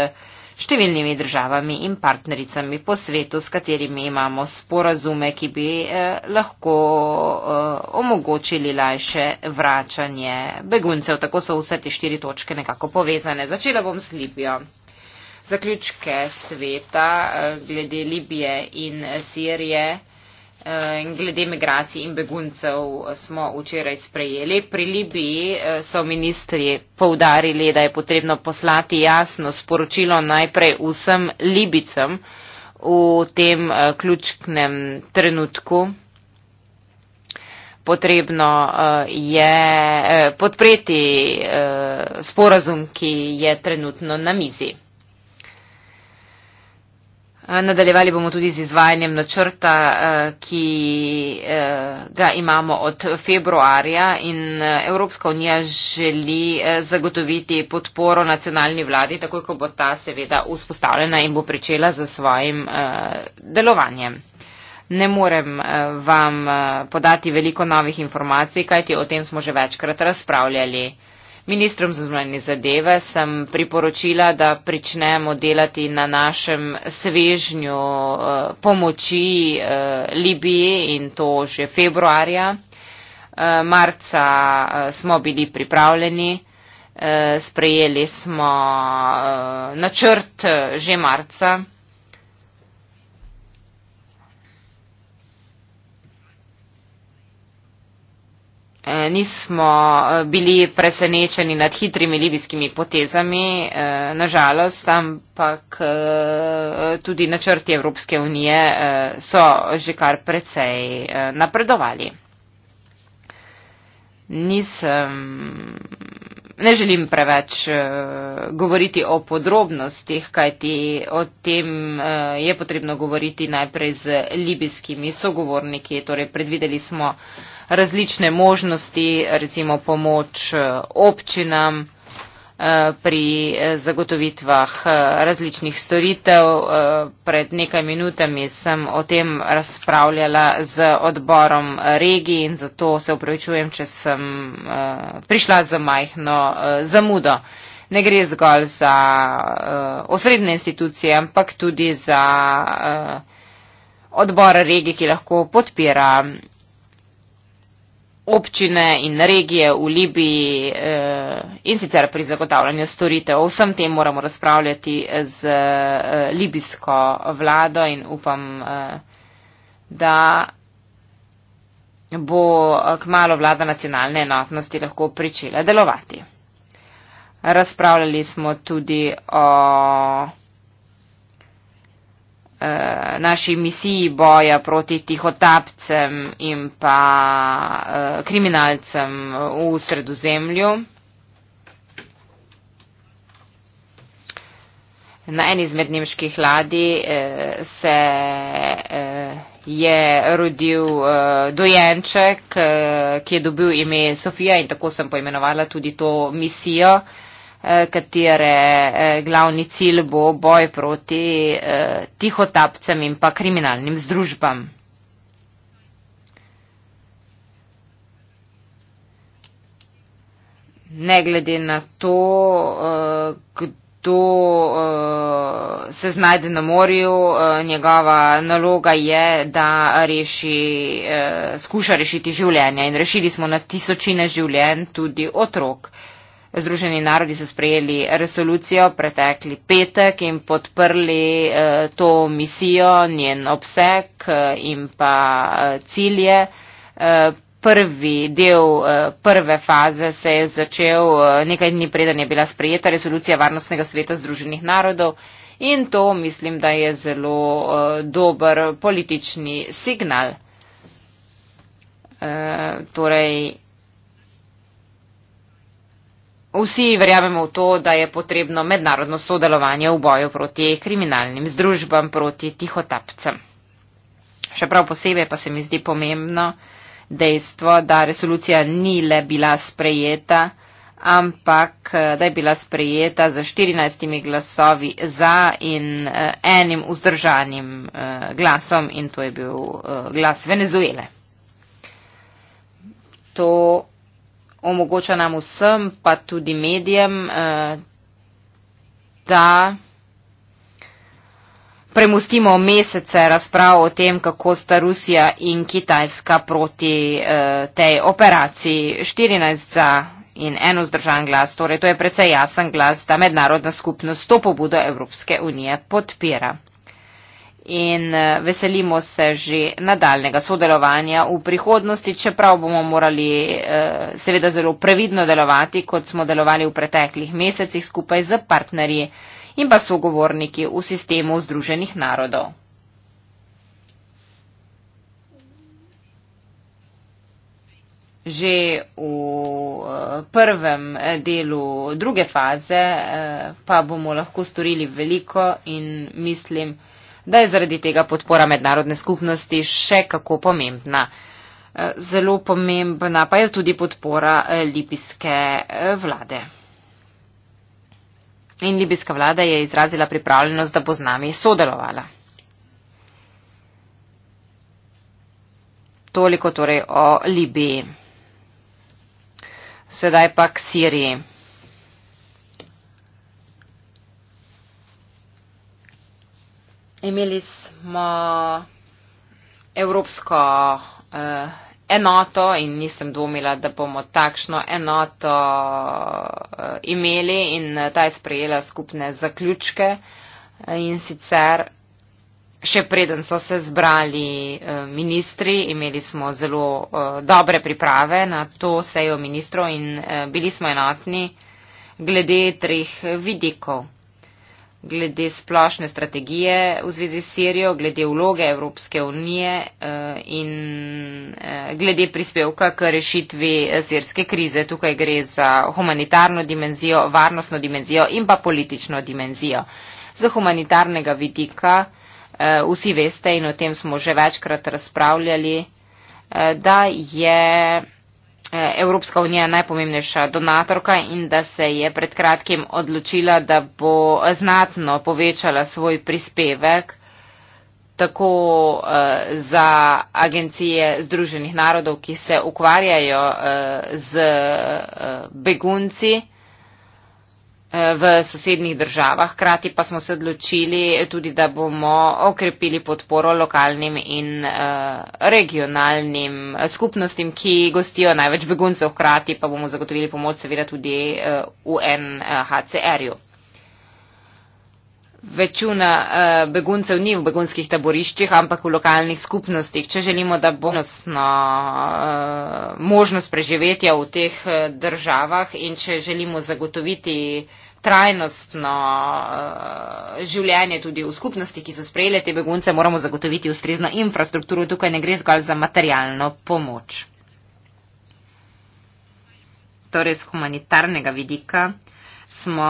številnimi državami in partnericami po svetu, s katerimi imamo sporazume, ki bi eh, lahko eh, omogočili lajše vračanje beguncev. Tako so vse te štiri točke nekako povezane. Začela bom s Libijo. Zaključke sveta eh, glede Libije in Sirije. In glede migracij in beguncev smo včeraj sprejeli. Pri Libiji eh, so ministri povdarili, da je potrebno poslati jasno sporočilo najprej vsem Libicem v tem eh, ključnem trenutku. Potrebno eh, je podpreti sporazum, ki je trenutno na mizi. Eh, nadaljevali bomo tudi z izvajanjem načrta, eh, ki eh, ga imamo od februarja in Evropska unija želi zagotoviti podporo nacionalni vladi, tako kot bo ta seveda vzpostavljena in bo pričela za svojim delovanjem. Ne morem vam podati veliko novih informacij, kajti o tem smo že večkrat razpravljali. Ministrom zunanje zadeve sem priporočila, da pričnemo delati na našem svežnju eh, pomoči eh, Libiji in to že februarja. Eh, marca smo bili pripravljeni, sprejeli smo načrt že marca Eh, nismo eh, bili presenečeni nad hitrimi libijskimi potezami, eh, na žalost, ampak tudi načrti Evropske unije so že kar precej napredovali. Nisem, ne želim preveč govoriti o podrobnostih, kajti o tem je potrebno govoriti najprej z libijskimi sogovorniki, torej predvideli smo različne možnosti, recimo pomoč eh, občinam eh, pri eh, zagotovitvah različnih storitev. Pred nekaj minutami sem o tem razpravljala z odborom regij in zato se upravičujem, če sem prišla za majhno zamudo. Ne gre zgolj za osrednje institucije, ampak tudi za odbor regij, ki lahko podpira občine in regije v Libiji eh, in sicer pri zagotavljanju storitev. O vsem tem moramo razpravljati z eh, libijsko vlado in upam, eh, da bo kmalo vlada nacionalne enotnosti lahko pričela delovati. Razpravljali smo tudi o. Eh, naši misiji boja proti tihotapcem in pa uh, kriminalcem v sredozemlju. Na eni izmed nemških ladij eh, se eh, je rodil eh, dojenček, eh, ki je dobil ime Sofija in tako sem poimenovala tudi to misijo. Eh, Eh, katere eh, glavni cilj bo boj proti eh, tihotapcem in pa kriminalnim združbam. Ne glede na to, kdo se znajde na morju, njegova naloga je, da reši, skuša rešiti življenja. In rešili smo na tisočine življenj, tudi otrok. Združeni narodi so sprejeli resolucijo pretekli petek in podprli eh, to misijo, njen obseg eh, in pa eh, cilje. Prvi del prve faze se je začel nekaj dni preden je bila sprejeta resolucija Varnostnega sveta Združenih narodov in to mislim, da je zelo dober politični signal. Torej, Vsi verjamemo v to, da je potrebno mednarodno sodelovanje v boju proti kriminalnim združbam, proti tihotapcem. Še prav posebej pa se mi zdi pomembno dejstvo, da resolucija ni le bila sprejeta, ampak eh, da je bila sprejeta za 14 glasovi za in eh, enim vzdržanim eh, glasom in to je bil glas Venezuele. To omogoča nam vsem, pa tudi medijem, eh, da premustimo mesece razprav o tem, kako sta Rusija in Kitajska proti eh, tej operaciji 14 za in eno zdržan glas. Torej, to je precej jasen glas, da mednarodna skupnost to pobudo Evropske unije podpira in eh, veselimo se že nadaljnega sodelovanja v prihodnosti, čeprav bomo morali eh, seveda zelo previdno delovati, kot smo delovali v preteklih mesecih skupaj z partnerji in pa sogovorniki v sistemu Združenih narodov. Že v eh, prvem delu druge faze pa bomo lahko storili veliko in mislim, da je zaradi tega podpora mednarodne skupnosti še kako pomembna. E, zelo pomembna pa je tudi podpora e, libijske e, vlade. In libijska vlada je izrazila pripravljenost, da bo z nami sodelovala. Toliko torej o Libiji. Sedaj pa k Siriji. imeli smo evropsko uh, enoto in nisem dvomila, da bomo takšno enoto uh, imeli in eh, ta je sprejela skupne zaključke in sicer. Še preden so se zbrali ministri, imeli smo zelo dobre priprave na to sejo ministrov in bili smo enotni glede treh vidikov glede splošne strategije v zvezi s Sirijo, glede vloge Evropske unije eh, in eh, glede prispevka k rešitvi eh, sirske krize. Tukaj gre za humanitarno dimenzijo, varnostno dimenzijo in pa politično dimenzijo. Z humanitarnega vidika vsi veste in o tem smo že večkrat razpravljali, da je Eh, Evropska unija je najpomembnejša donatorka in da se je pred kratkim odločila, da bo znatno povečala svoj prispevek tako eh, za agencije Združenih narodov, ki se ukvarjajo eh, z eh, begunci v sosednjih državah. Hkrati pa smo se odločili tudi, da bomo okrepili podporo lokalnim in eh, regionalnim eh, skupnostim, ki gostijo največ beguncev. Hkrati pa bomo zagotovili pomoč seveda tudi UNHCR-ju. Eh, večina eh, beguncev ni v begunskih taboriščih, ampak v lokalnih skupnostih. Če želimo, da bo nosno, eh, možnost preživetja v teh eh, državah in če želimo zagotoviti trajnostno življenje tudi v skupnostih, ki so sprejeli te begunce, moramo zagotoviti ustrezno infrastrukturo. Tukaj ne gre zgolj za materialno pomoč. Torej, z humanitarnega vidika smo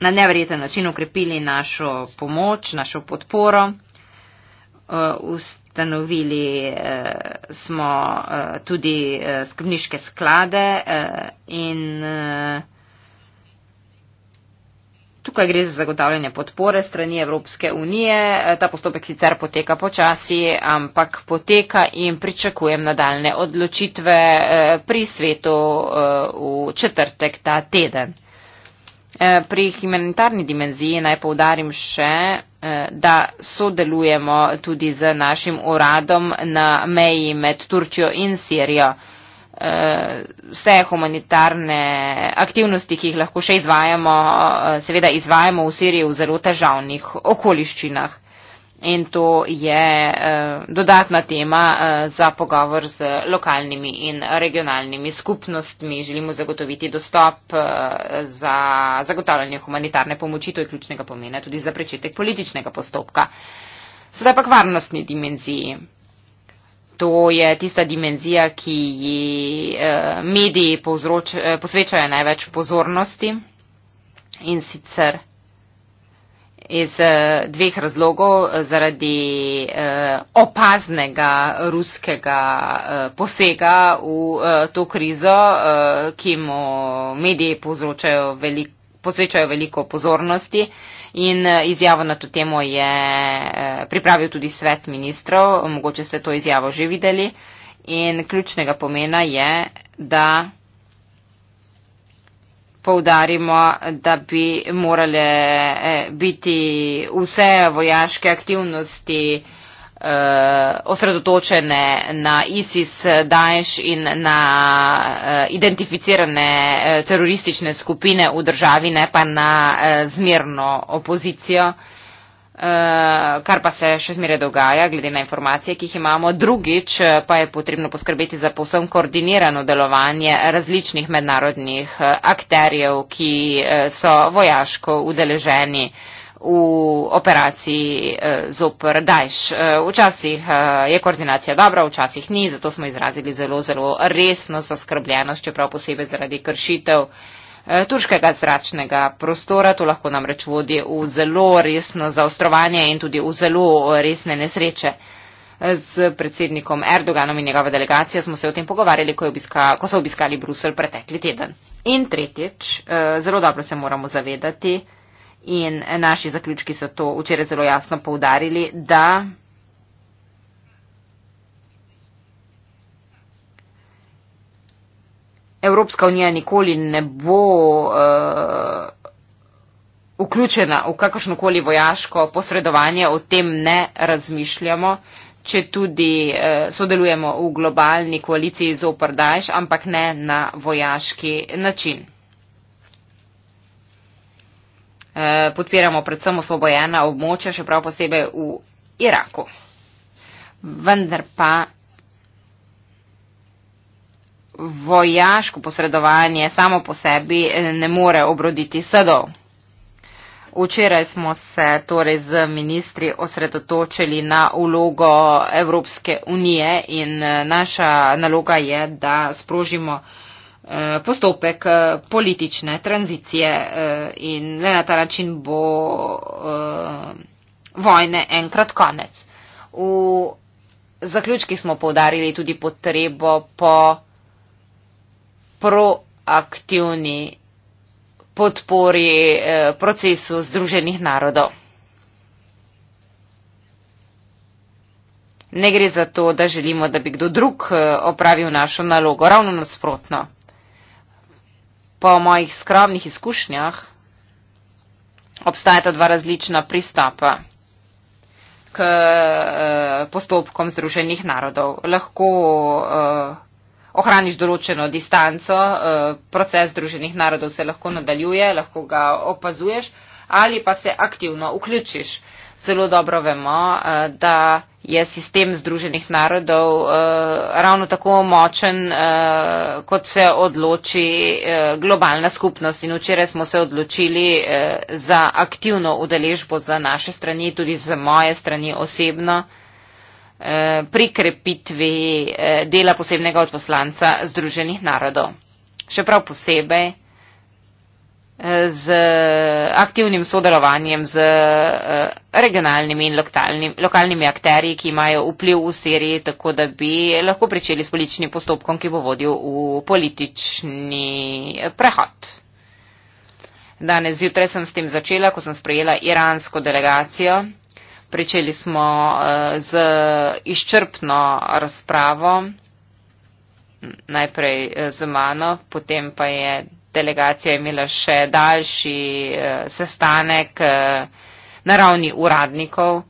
na nevreten način ukrepili našo pomoč, našo podporo. Eh, ustanovili eh, smo eh, tudi skrbniške sklade in tukaj gre za zagotavljanje podpore strani Evropske unije. Ta postopek sicer poteka počasi, ampak poteka in pričakujem nadaljne odločitve pri svetu v četrtek ta teden. Eh, pri humanitarni dimenziji naj povdarim še, eh, da sodelujemo tudi z našim uradom na meji med Turčijo in Sirijo. Eh, vse humanitarne aktivnosti, ki jih lahko še izvajamo, seveda izvajamo v Siriji v zelo težavnih okoliščinah in to je eh, dodatna tema eh, za pogovor z lokalnimi in regionalnimi skupnostmi. Želimo zagotoviti dostop eh, za zagotavljanje humanitarne pomoči, to je ključnega pomena tudi za prečetek političnega postopka. Sedaj pa k varnostni dimenziji. To je tista dimenzija, ki ji mediji povzroč, posvečajo največ pozornosti in sicer iz uh, dveh razlogov, eh, zaradi uh, opaznega ruskega uh, posega v uh, to krizo, uh, ki mu mediji velik, posvečajo veliko pozornosti. In izjavo na to temo je pripravil tudi svet ministrov, mogoče ste to izjavo že videli. In ključnega pomena je, da poudarimo, da bi morale eh, biti vse vojaške aktivnosti eh, osredotočene na ISIS, Daesh in na eh, identificirane teroristične skupine v državi, ne pa na zmerno opozicijo. Uh, kar pa se še zmeraj dogaja, glede na informacije, ki jih imamo. Drugič eh, pa je potrebno poskrbeti za posebno koordinirano delovanje različnih mednarodnih eh, akterjev, ki so vojaško udeleženi v operaciji zopr Daesh. Včasih je koordinacija dobra, včasih ni, zato smo izrazili zelo, zelo resno zaskrbljenost, čeprav posebej zaradi kršitev uh, Eh, turškega zračnega prostora. To lahko namreč vodi v zelo resno zaostrovanje in tudi v zelo eh, resne nesreče. Z eh, predsednikom Erdoganom in njegovo delegacijo smo se o tem pogovarjali, ko, obiska, ko so obiskali Bruselj pretekli teden. In tretjič, zelo dobro se moramo zavedati in naši zaključki so to včeraj zelo jasno poudarili, da Evropska unija nikoli ne bo uh, vključena v kakršnokoli vojaško posredovanje, o tem ne razmišljamo, če tudi uh, eh, sodelujemo v globalni koaliciji z oprdajš, ampak ne na vojaški način. Uh, podpiramo predvsem osvobojena območja, še prav posebej v Iraku. Vendar pa vojaško posredovanje samo po sebi eh, ne more obroditi sadov. Včeraj smo se torej z ministri osredotočili na ulogo Evropske unije in eh, naša naloga je, da sprožimo eh, postopek politične tranzicije in le na ta način bo vojne enkrat konec. V zaključki smo povdarili tudi potrebo po proaktivni podpori eh, procesu Združenih narodov. Ne gre za to, da želimo, da bi kdo drug eh, opravil našo nalogo, ravno nasprotno. Po mojih skromnih izkušnjah obstajata dva različna pristopa k eh, postopkom Združenih narodov. Lahko ohraniš določeno distanco, eh, proces Združenih narodov se lahko nadaljuje, lahko ga opazuješ ali pa se aktivno vključiš. Zelo dobro vemo, eh, da je sistem Združenih narodov eh, ravno tako močen, kot se odloči globalna skupnost. In včeraj smo se odločili za aktivno udeležbo za naše strani, tudi za moje strani osebno. Eh, prikrepitvi eh, dela posebnega odposlanca Združenih narodov. Še prav posebej eh, z aktivnim sodelovanjem z regionalnimi in lokalnimi akterji, ki imajo vpliv v Siriji, tako da bi lahko pričeli s političnim postopkom, ki bo vodil v politični prehod. Danes zjutraj sem s tem začela, ko sem sprejela iransko delegacijo. Pričeli smo eh, z izčrpno razpravo, najprej eh, z mano, potem pa je delegacija imela še daljši eh, sestanek na ravni uradnikov.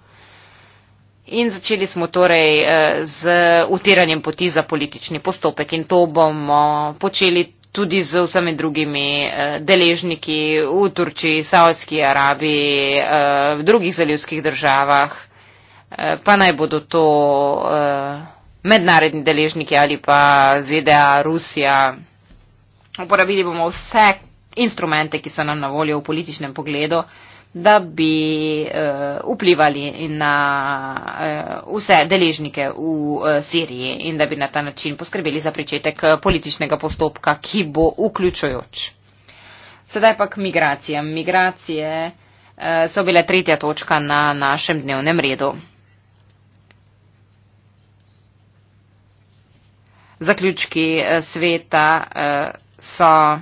In začeli smo torej z utiranjem poti za politični postopek in to bomo počeli tudi z vsemi drugimi eh, deležniki v Turčiji, Saudski Arabiji, eh, v drugih zaljivskih državah, eh, pa naj bodo to eh, mednarodni deležniki ali pa ZDA, Rusija. Uporabili bomo vse instrumente, ki so nam na voljo v političnem pogledu. Eh, da bi uh, vplivali na uh, vse deležnike v uh, Siriji in da bi na ta način poskrbeli za pričetek političnega postopka, ki bo vključujoč. Sedaj pa k migracijam. Migracije uh, so bile tretja točka na našem dnevnem redu. Zaključki sveta so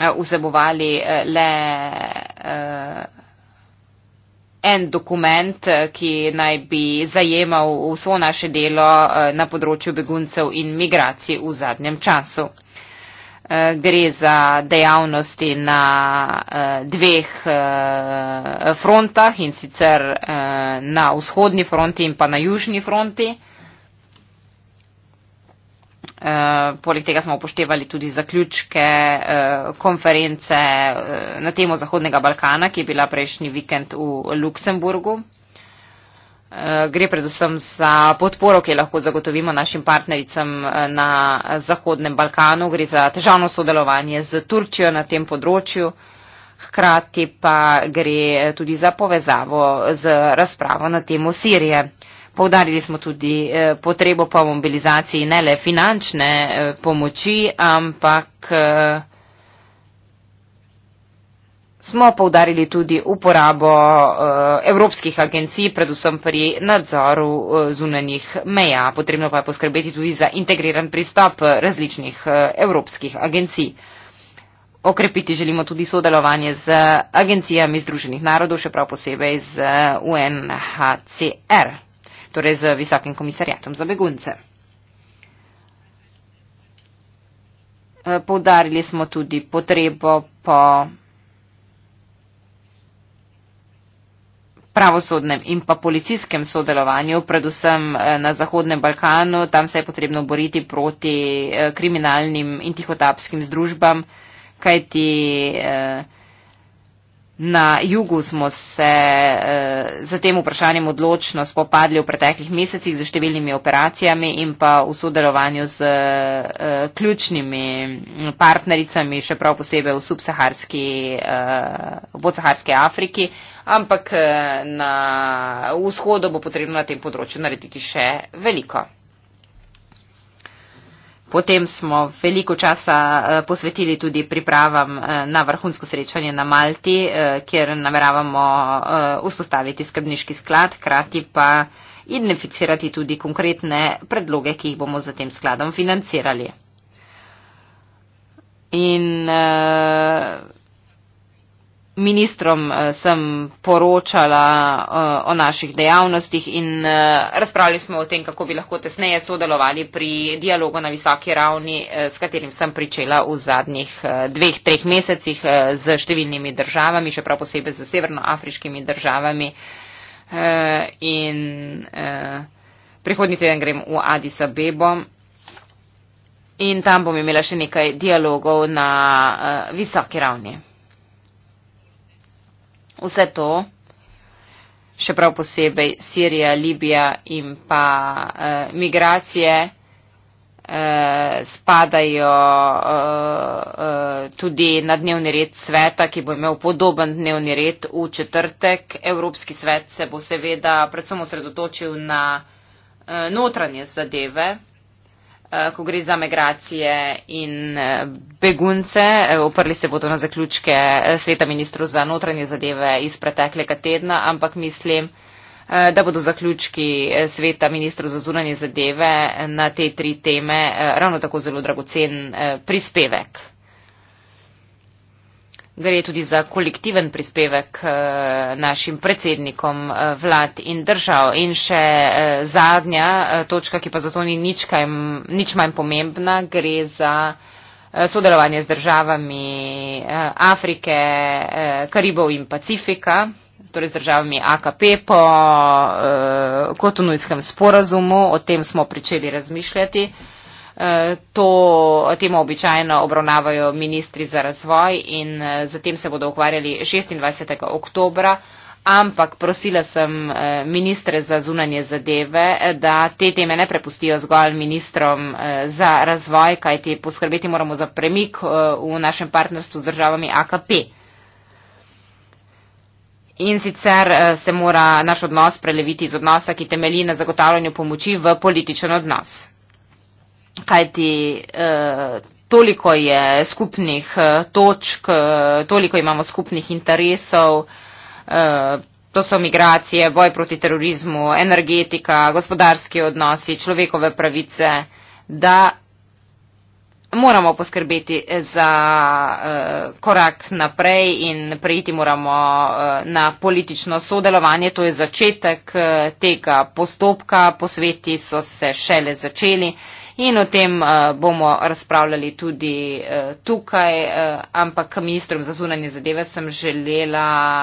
Eh, vsebovali eh, le eh, en dokument, ki naj bi zajemal vso naše delo na področju beguncev in migracij v zadnjem času. Gre za dejavnosti na dveh frontah in sicer na vzhodni fronti in pa na južni fronti. Eh, poleg tega smo upoštevali tudi zaključke eh, konference eh, na temo Zahodnega Balkana, ki je bila prejšnji vikend v Luksemburgu. Gre predvsem za podporo, ki jo lahko zagotovimo našim partnericam na Zahodnem Balkanu. Gre za težavno sodelovanje z Turčijo na tem področju. Hkrati pa gre tudi za povezavo z razpravo na temo Sirije. Povdarili smo tudi eh, potrebo po mobilizaciji ne le finančne eh, pomoči, ampak eh, smo povdarili tudi uporabo evropskih agencij, predvsem pri nadzoru zunanjih meja. Potrebno pa je poskrbeti tudi za integriran pristop različnih evropskih agencij. Okrepiti želimo tudi sodelovanje z agencijami Združenih narodov, še prav posebej z UNHCR torej z visokim komisarjatom za begunce. E, poudarili smo tudi potrebo po pravosodnem in pa policijskem sodelovanju, predvsem e, na Zahodnem Balkanu. Tam se je potrebno boriti proti e, kriminalnim in tihotapskim združbam, kajti eh, Na jugu smo se eh, z tem vprašanjem odločno spopadli v preteklih mesecih za številnimi operacijami in pa v sodelovanju z eh, ključnimi partnericami, še prav posebej v subsaharski, eh, v podsaharski Afriki, ampak na vzhodu bo potrebno na tem področju narediti še veliko potem smo veliko časa eh, posvetili tudi pripravam eh, na vrhunsko srečanje na Malti, eh, kjer nameravamo vzpostaviti skrbniški sklad, krati pa identificirati tudi konkretne predloge, ki jih bomo za tem skladom financirali. In uh, ministrom eh, sem poročala eh, o naših dejavnostih in eh, razpravljali smo o tem, kako bi lahko tesneje sodelovali pri dialogu na visoki ravni, s katerim sem pričela v zadnjih dveh, treh mesecih z številnimi državami, še prav posebej z severnoafriškimi državami. In prihodnji teden grem v Addis Abebo. In tam bom imela še nekaj dialogov na uh, visoki ravni. Vse to, še prav posebej Sirija, Libija in pa eh, migracije, eh, spadajo eh, eh, tudi na dnevni red sveta, ki bo imel podoben dnevni red v četrtek. Evropski svet se bo seveda predvsem osredotočil na eh, notranje zadeve. Eh, ko gre za migracije in eh, begunce. Eh, oprli se bodo na zaključke sveta ministrov za notranje zadeve iz preteklega tedna, ampak mislim, da bodo zaključki sveta ministrov za zunanje zadeve na te tri teme ravno tako zelo dragocen prispevek. Gre tudi za kolektiven prispevek eh, našim predsednikom eh, vlad in držav. In še eh, zadnja točka, ki pa zato ni nič, kaj, nič manj pomembna, gre za sodelovanje z državami Afrike, Karibov in Pacifika, torej z državami AKP po kotonujskem sporazumu. O tem smo pričeli razmišljati. Eh, to temo običajno obravnavajo ministri za razvoj in eh, zatem se bodo ukvarjali 26. oktobra. Ampak prosila sem eh, ministre za zunanje zadeve, da te teme ne prepustijo zgolj ministrom za razvoj, kajti poskrbeti moramo za premik v našem partnerstvu z državami AKP. In sicer se mora naš odnos preleviti iz odnosa, ki temelji na zagotavljanju pomoči v političen odnos kajti eh, toliko je skupnih eh, točk, eh, toliko imamo skupnih interesov, eh, to so migracije, boj proti terorizmu, energetika, gospodarski odnosi, človekove pravice, da moramo poskrbeti za eh, korak naprej in preiti moramo eh, na politično sodelovanje. To je začetek eh, tega postopka, posveti so se šele začeli. Eh, in o tem uh, bomo razpravljali tudi uh, tukaj, uh, ampak ministrom za zunanje zadeve sem želela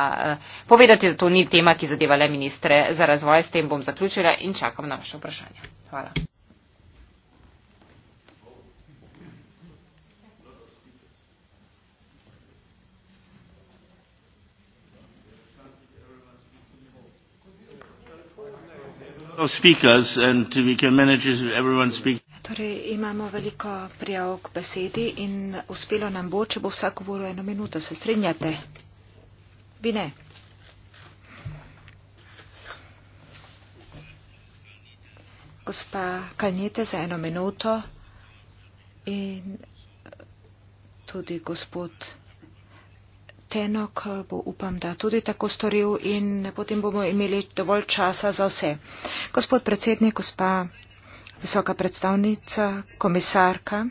uh, povedati, da to ni tema, ki zadeva le ministre za razvoj. S tem bom zaključila in čakam na vaše vprašanje. Hvala. of no speakers and we can manage everyone speaking Torej imamo veliko prijav k besedi in uspelo nam bo, če bo vsak govoril eno minuto. Se strinjate? Vi ne? Gospa Kalnete za eno minuto in tudi gospod Tenok bo upam, da tudi tako storil in potem bomo imeli dovolj časa za vse. Gospod predsednik, gospa visoka predstavnica, komisarka.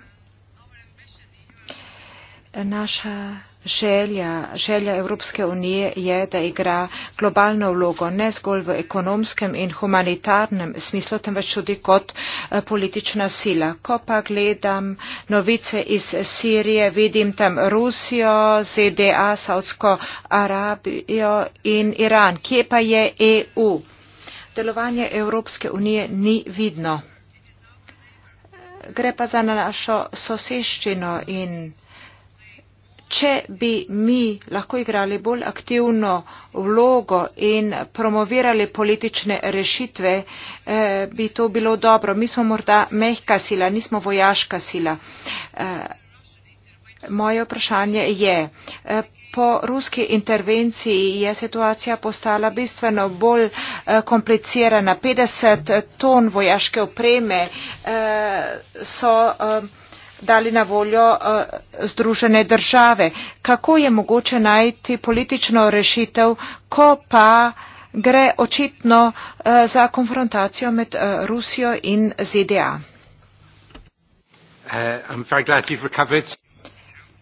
Naša želja, želja Evropske unije je, da igra globalno vlogo ne zgolj v ekonomskem in humanitarnem smislu, temveč tudi kot eh, politična sila. Ko pa gledam novice iz Sirije, vidim tam Rusijo, ZDA, Saudsko Arabijo in Iran. Kje pa je EU? Delovanje Evropske unije ni vidno gre pa za našo soseščino in če bi mi lahko igrali bolj aktivno vlogo in promovirali politične rešitve, eh, bi to bilo dobro. Mi smo morda mehka sila, nismo vojaška sila. Eh, Moje vprašanje je, eh, po ruski intervenciji je situacija postala bistveno bolj eh, komplicirana. 50 eh, ton vojaške opreme so dali na voljo združene države. Kako je mogoče najti politično rešitev, ko pa gre očitno za konfrontacijo med Rusijo in ZDA? Uh,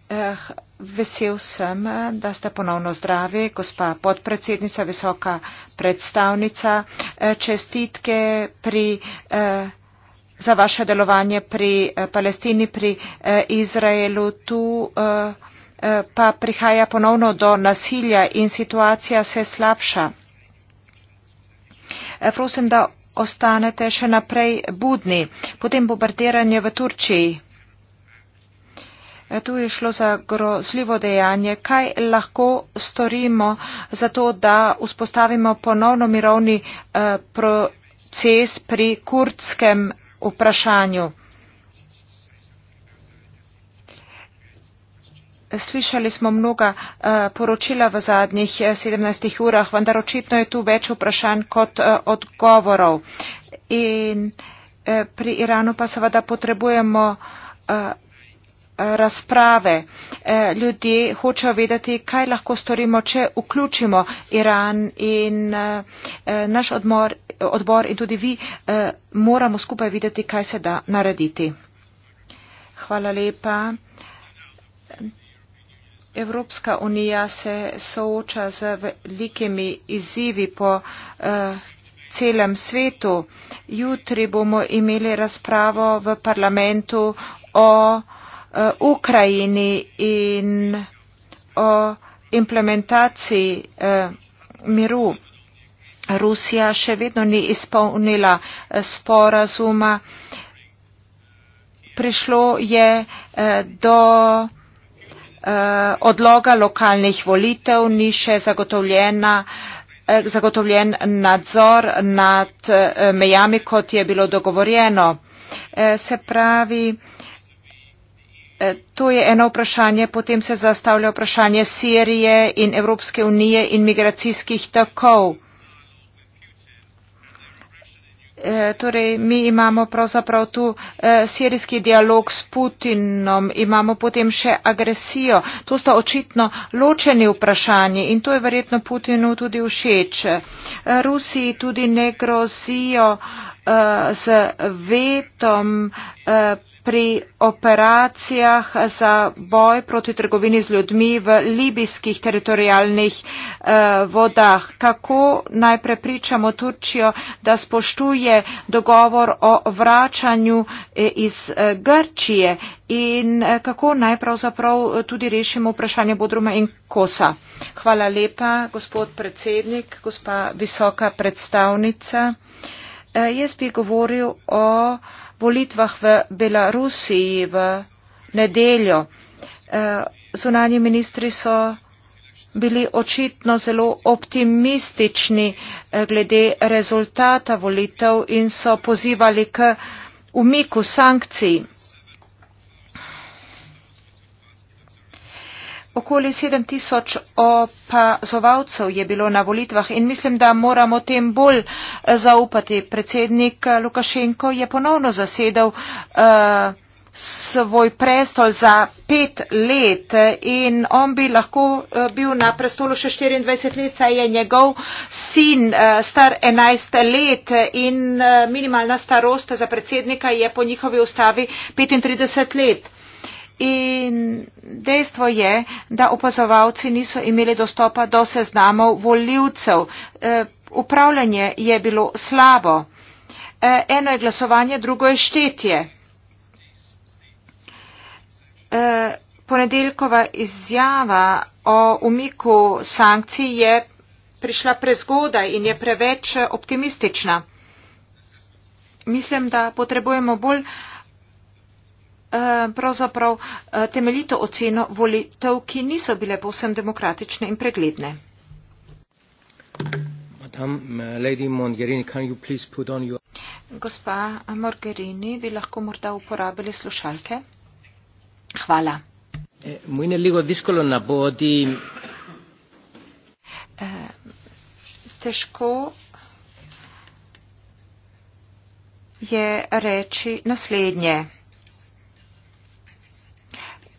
Eh, vesel sem, da ste ponovno zdravi, gospa podpredsednica, visoka predstavnica. Eh, čestitke pri, eh, za vaše delovanje pri eh, Palestini, pri eh, Izraelu. Tu eh, eh, pa prihaja ponovno do nasilja in situacija se slabša. Eh, prosim, da ostanete še naprej budni. Potem bombardiranje v Turčiji. Tu je šlo za grozljivo dejanje. Kaj lahko storimo za to, da vzpostavimo ponovno mirovni eh, proces pri kurdskem vprašanju? Slišali smo mnoga eh, poročila v zadnjih 17 eh, urah, vendar očitno je tu več vprašanj kot odgovorov. In pri Iranu pa seveda potrebujemo razprave. E, ljudje hočejo vedeti, kaj lahko storimo, če vključimo Iran in e, e, naš odmor, odbor in tudi vi moramo skupaj videti, kaj se da narediti. Hvala lepa. Evropska unija se sooča z velikimi izzivi po uh, celem svetu. Jutri bomo imeli razpravo v parlamentu o uh, Eh, Ukrajini in o implementaciji eh, miru. Rusija še vedno ni izpolnila eh, sporazuma. Prišlo je do odloga lokalnih volitev, ni še zagotovljena zagotovljen nadzor nad mejami, kot je bilo dogovorjeno. Se pravi, E, to je eno vprašanje, potem se zastavlja vprašanje Sirije in Evropske unije in migracijskih takov. E, torej, mi imamo pravzaprav tu e, sirijski dialog s Putinom, imamo potem še agresijo. To sta očitno ločeni vprašanji in to je verjetno Putinu tudi všeč. Rusiji tudi ne grozijo z vetom pri operacijah za boj proti trgovini z ljudmi v libijskih teritorijalnih eh, vodah. Kako naj prepričamo Turčijo, da spoštuje dogovor o vračanju eh, iz eh, Grčije in eh, kako naj pravzaprav tudi rešimo vprašanje Bodruma in Kosa? Hvala lepa, gospod predsednik, gospa visoka predstavnica. Eh, jaz bi govoril o volitvah v Belarusiji v nedeljo. Eh, zunanji ministri so bili očitno zelo optimistični eh, glede rezultata volitev in so pozivali k umiku sankcij. Okoli 7000 opazovalcev je bilo na volitvah in mislim, da moramo tem bolj eh, zaupati. Predsednik eh, Lukašenko je ponovno zasedel eh, svoj prestol za pet let in on bi lahko bil na prestolu še 24 let, saj je njegov sin star 11 let in minimalna starost za predsednika je po njihovi ustavi 35 let. In dejstvo je, da opazovalci niso imeli dostopa do seznamov voljivcev. E, upravljanje je bilo slabo. E, eno je glasovanje, drugo je štetje. E, ponedeljkova izjava o umiku sankcij je prišla prezgoda in je preveč optimistična. Mislim, da potrebujemo bolj Eh, pravzaprav eh, temeljito oceno volitev, ki niso bile povsem demokratične in pregledne. Eh, Gospa Morgerini, bi lahko morda uporabili slušalke? Hvala. Težko je reči naslednje.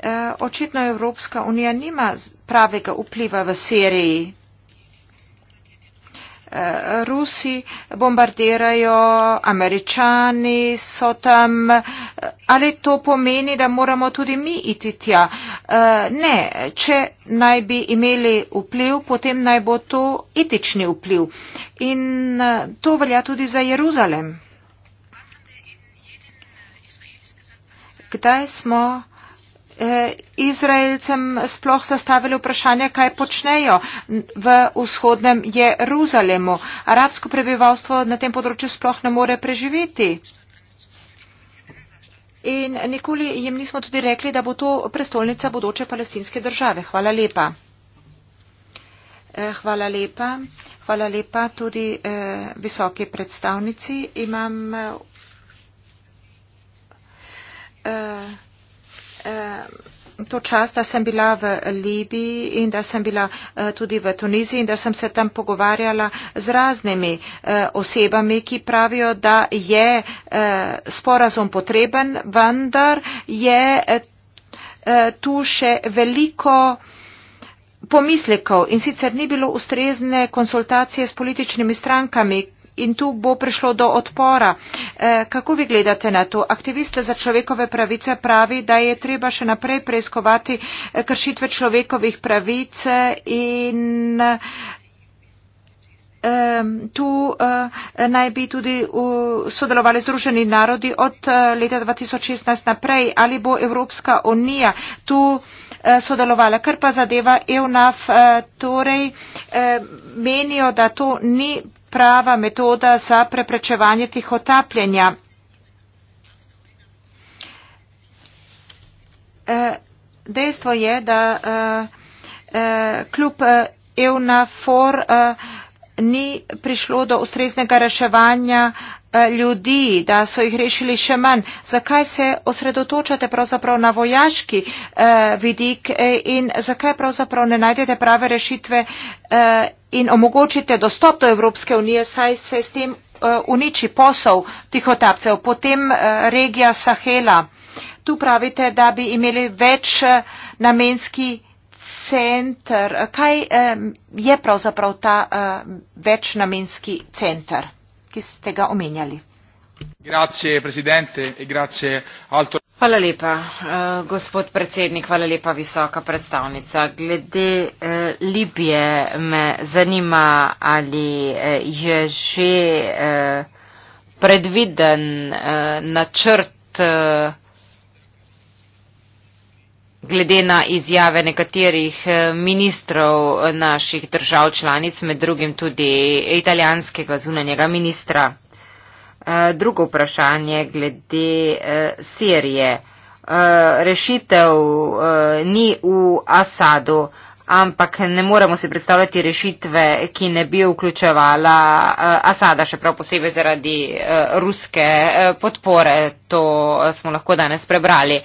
Eh, očitno Evropska unija nima pravega vpliva v Siriji. Eh, Rusi bombardirajo, američani so tam, eh, ali to pomeni, da moramo tudi mi iti tja? Ne, če naj bi imeli vpliv, potem naj bo to etični vpliv. In to velja tudi za Jeruzalem. Kdaj smo Eh, Izraelcem sploh zastavili vprašanje, kaj počnejo v vzhodnem Jeruzalemu. Arabsko prebivalstvo na tem področju sploh ne more preživeti. In nikoli jim nismo tudi rekli, da bo to prestolnica bodoče palestinske države. Hvala lepa. Eh, hvala lepa. Hvala lepa tudi eh, visoki predstavnici. Imam. Eh, to čas, da sem bila v Libiji in da sem bila eh, tudi v Tuniziji in da sem se tam pogovarjala z raznimi eh, osebami, ki pravijo, da je eh, sporazum potreben, vendar je tu še veliko pomislekov in sicer ni bilo ustrezne konsultacije s političnimi strankami, in tu bo prišlo do odpora. Eh, kako vi gledate na to? Aktiviste za človekove pravice pravi, da je treba še naprej preiskovati eh, kršitve človekovih pravic in eh, tu naj bi tudi sodelovali Združeni narodi od leta 2016 naprej ali bo Evropska unija tu Eh, sodelovala. Kar pa zadeva EUNAF, eh, torej eh, menijo, da to ni prava metoda za preprečevanje tih otapljenja. Dejstvo je, da kljub EUNAFOR ni prišlo do ustreznega reševanja Eh, ljudi, da so jih rešili še manj. Zakaj se osredotočate pravzaprav na vojaški eh, vidik eh, in zakaj pravzaprav ne najdete prave rešitve eh, in omogočite dostop do Evropske unije, saj se s tem eh, uniči posel tihotapcev, potem eh, regija Sahela. Tu pravite, da bi imeli več eh, namenski center. Kaj eh, je pravzaprav ta eh, večnamenski center? ki ste ga omenjali. Grazie, presidente, e grazie, alto... Hvala lepa, eh, gospod predsednik, hvala lepa, visoka predstavnica. Glede eh, Libije me zanima, ali eh, je že predviden načrt glede na izjave nekaterih eh, ministrov eh, naših držav članic, med drugim tudi italijanskega zunanjega ministra. Eh, drugo vprašanje glede Sirije. Rešitev ni v Asadu, ampak ne moremo si predstavljati rešitve, ki ne bi vključevala Asada, še prav posebej zaradi ruske podpore. To smo lahko danes prebrali.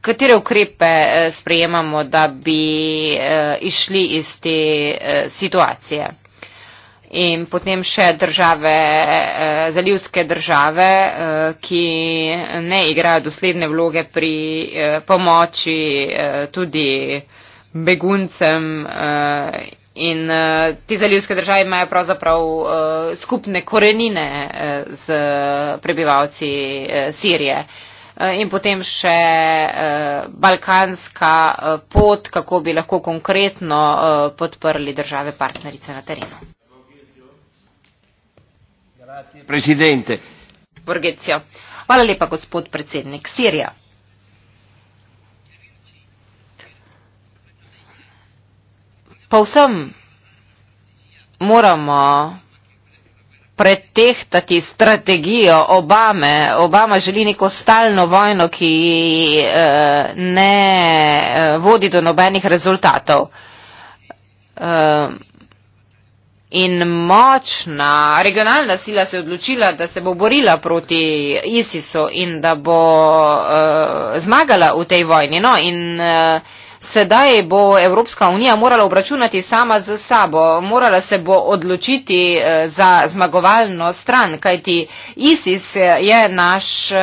Katere ukrepe eh, sprejemamo, da bi eh, išli iz te eh, situacije? In potem še države, zalivske države, ki ne igrajo dosledne vloge pri pomoči tudi beguncem. In te zalivske države imajo pravzaprav skupne korenine z prebivalci Sirije. Eh, in potem še eh, balkanska eh, pot, kako bi lahko konkretno podprli države partnerice na terenu. Hvala lepa, gospod predsednik. Sirija. Pa vsem moramo pretehtati strategijo Obame. Obama želi neko stalno vojno, ki eh, ne eh, vodi do nobenih rezultatov. Eh, in močna regionalna sila se je odločila, da se bo borila proti ISIS-u in da bo uh, zmagala v tej vojni. No, in, uh, Sedaj bo Evropska unija morala obračunati sama z sabo, morala se bo odločiti eh, za zmagovalno stran, kajti ISIS je naš, eh,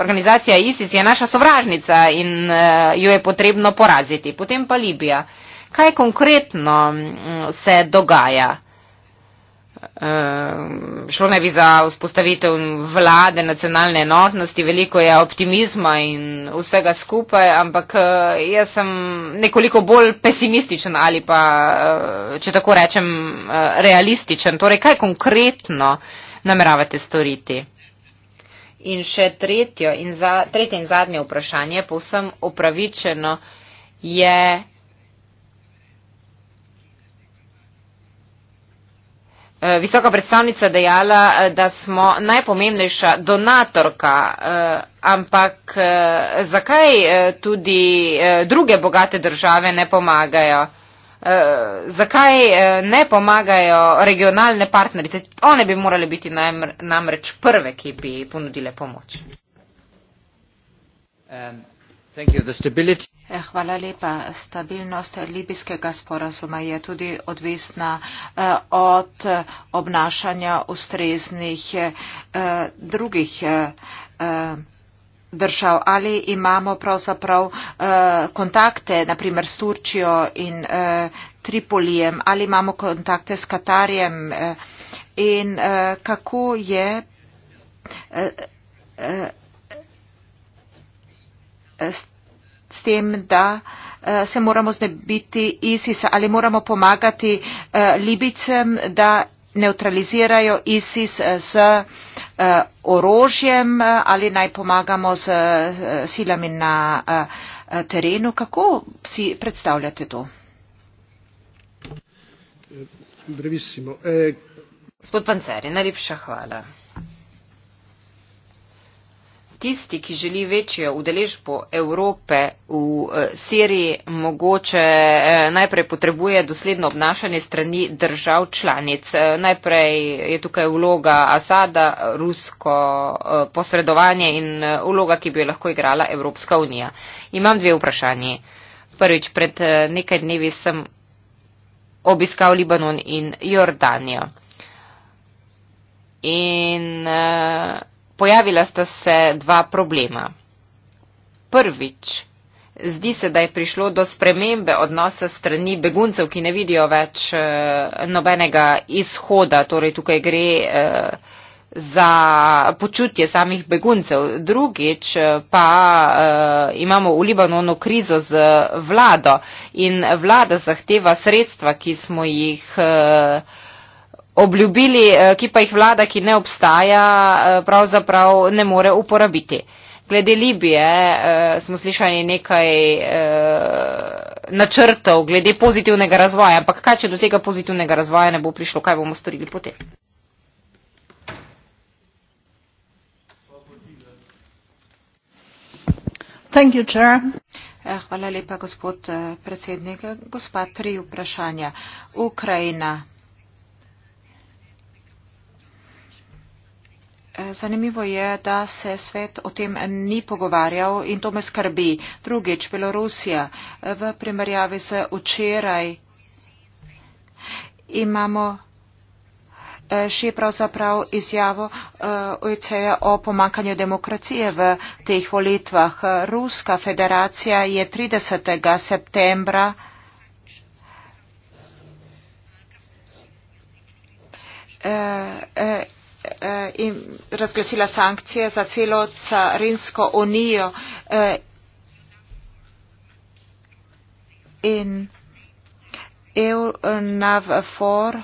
organizacija ISIS je naša sovražnica in eh, jo je potrebno poraziti. Potem pa Libija. Kaj konkretno mm, se dogaja? Ehm, šlo naj bi za vzpostavitev vlade, nacionalne enotnosti, veliko je optimizma in vsega skupaj, ampak eh, jaz sem nekoliko bolj pesimističen ali pa, eh, če tako rečem, eh, realističen. Torej, kaj konkretno nameravate storiti? In še in za, tretje in zadnje vprašanje, povsem upravičeno je Eh, visoka predstavnica dejala, eh, da smo najpomembnejša donatorka, eh, ampak zakaj tudi druge bogate države ne pomagajo? Zakaj ne pomagajo regionalne partnerice? One bi morali biti namreč prve, ki bi ponudile pomoč. Um, Ja, hvala lepa. Stabilnost libijskega sporazuma je tudi odvisna eh, od eh, obnašanja ustreznih eh, drugih držav. Ali imamo pravzaprav kontakte, naprimer s Turčijo in Tripolijem, ali imamo kontakte s Katarjem in kako je. Uh, uh, s tem, da eh, se moramo znebiti ISIS-a ali moramo pomagati eh, Libicem, da neutralizirajo ISIS eh, z orožjem ali naj pomagamo z silami na terenu. Kako si predstavljate to? Gospod Panceri, najlepša hvala tisti, ki želi večjo udeležbo Evrope v eh, Siriji, mogoče eh, najprej potrebuje dosledno obnašanje strani držav članic. Eh, najprej je tukaj vloga Asada, rusko posredovanje in vloga, ki bi jo lahko igrala Evropska unija. Imam dve vprašanje. Prvič, pred nekaj dnevi sem obiskal Libanon in Jordanijo. In uh, pojavila sta se dva problema. Prvič, zdi se, da je prišlo do spremembe odnosa strani beguncev, ki ne vidijo več eh, nobenega izhoda, torej tukaj gre eh, za počutje samih beguncev. Drugič eh, pa uh, imamo v Libanonu krizo z vlado in vlada zahteva sredstva, ki smo jih uh, obljubili, eh, ki pa jih vlada, ki ne obstaja, eh, pravzaprav ne more uporabiti. Glede Libije eh, smo slišali nekaj načrtov glede pozitivnega razvoja, ampak kaj, če do tega pozitivnega razvoja ne bo prišlo, kaj bomo storili potem? Thank you, chair. Hvala lepa, gospod predsednik. Gospa, tri vprašanja. Ukrajina. Zanimivo je, da se svet o tem ni pogovarjal in to me skrbi. Drugič, Belorusija v primerjavi z včeraj imamo eh, še pravzaprav izjavo eh, OECD-ja e o pomankanju demokracije v teh volitvah. Ruska federacija je 30. septembra eh, eh, Eh, in razglasila sankcije za celo carinsko unijo eh, in EU-NAV-FOR.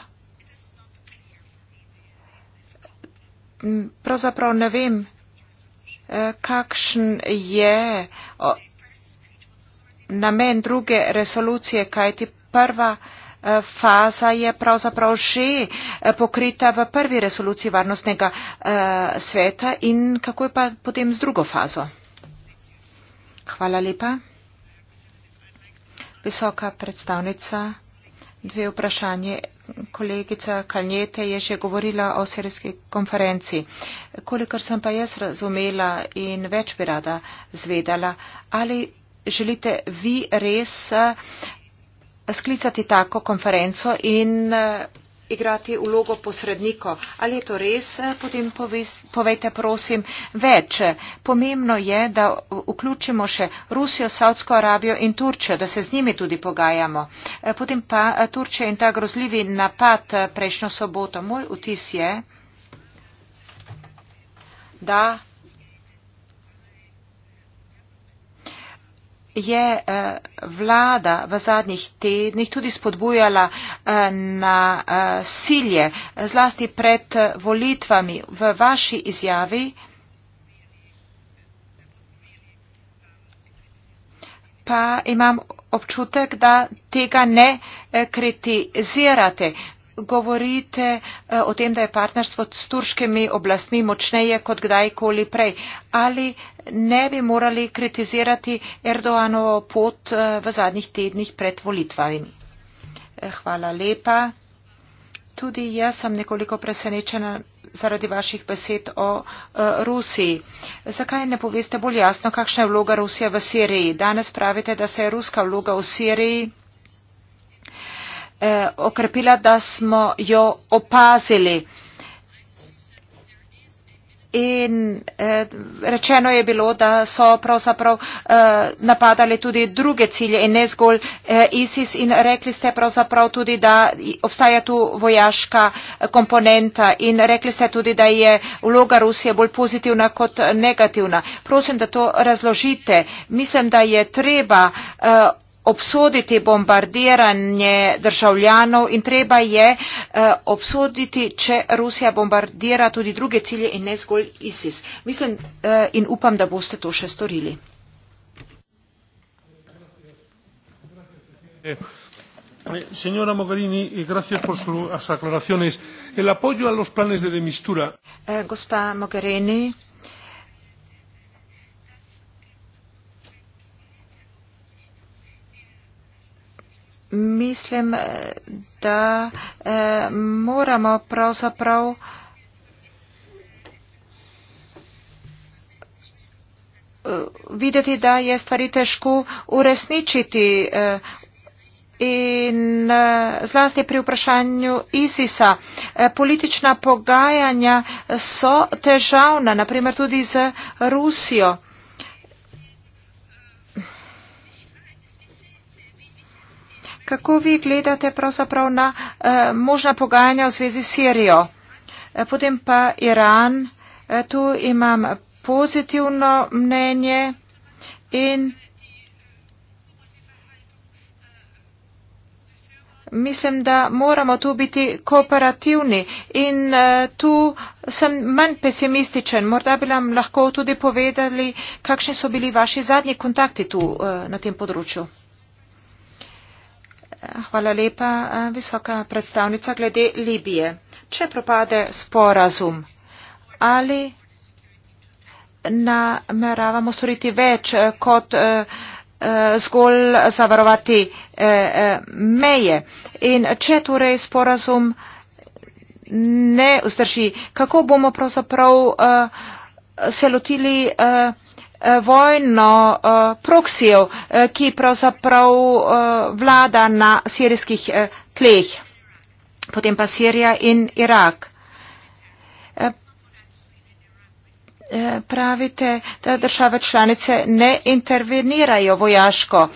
Pravzaprav ne vem, eh, kakšen je namen druge resolucije, kajti prva faza je pravzaprav že eh, pokrita v prvi resoluciji varnostnega eh, sveta in kako je pa potem z drugo fazo? Hvala lepa. Visoka predstavnica, dve vprašanje. Kolegica Kalnjete je že govorila o serijski konferenci. Kolikor sem pa jaz razumela in več bi rada zvedala, ali želite vi res eh, sklicati tako konferenco in eh, igrati vlogo posrednikov. Ali je to res, eh, potem povejte prosim več. Pomembno je, da vključimo še Rusijo, Saudsko Arabijo in Turčijo, da se z njimi tudi pogajamo. Eh, potem pa Turčija in ta grozljivi napad prejšnjo soboto. Moj vtis je, da je eh, vlada v zadnjih tednih tudi spodbujala eh, na eh, silje, zlasti pred volitvami. V vaši izjavi pa imam občutek, da tega ne kritizirate govorite eh, o tem, da je partnerstvo s turškimi oblastmi močneje kot kdajkoli prej. Ali ne bi morali kritizirati Erdoanovo pot eh, v zadnjih tednih pred volitvami? Eh, hvala lepa. Tudi jaz sem nekoliko presenečena zaradi vaših besed o uh, Rusiji. Zakaj ne poveste bolj jasno, kakšna je vloga Rusije v Siriji? Danes pravite, da se je ruska vloga v Siriji eh, okrepila, da smo jo opazili. In eh, rečeno je bilo, da so pravzaprav eh, napadali tudi druge cilje in ne zgolj eh, ISIS in rekli ste pravzaprav tudi, da obstaja tu vojaška eh, komponenta in rekli ste tudi, da je vloga Rusije bolj pozitivna kot negativna. Prosim, da to razložite. Mislim, da je treba. Eh, obsoditi bombardiranje državljanov in treba je eh, obsoditi, če Rusija bombardira tudi druge cilje in ne zgolj ISIS. Mislim eh, in upam, da boste to še storili. Eh, señora Mogherini, gracias por sus aclaraciones. El apoyo a los planes de demistura. Eh, gospa Mogherini, eh, mislim, eh, da eh, moramo pravzaprav eh, videti, da je stvari težko uresničiti eh, in zlasti pri vprašanju ISISA. Politična pogajanja so težavna, naprimer tudi z Rusijo. Kako vi gledate pravzaprav na eh, možna pogajanja v zvezi s Sirijo? Eh, potem pa Iran. Eh, tu imam pozitivno mnenje in mislim, da moramo tu biti kooperativni in eh, tu sem manj pesimističen. Morda bi nam lahko tudi povedali, kakšni so bili vaši zadnji kontakti tu na tem področju. Hvala lepa, eh, visoka predstavnica glede Libije. Če propade sporazum, ali nameravamo storiti več eh, kot eh, zgolj zavarovati meje in če torej sporazum ne vzdrži, kako bomo pravzaprav se lotili Eh, vojno eh, proksijev, eh, ki pravzaprav vlada na sirijskih tleh, potem pa Sirija in Irak. Pravite, da države članice ne intervenirajo vojaško,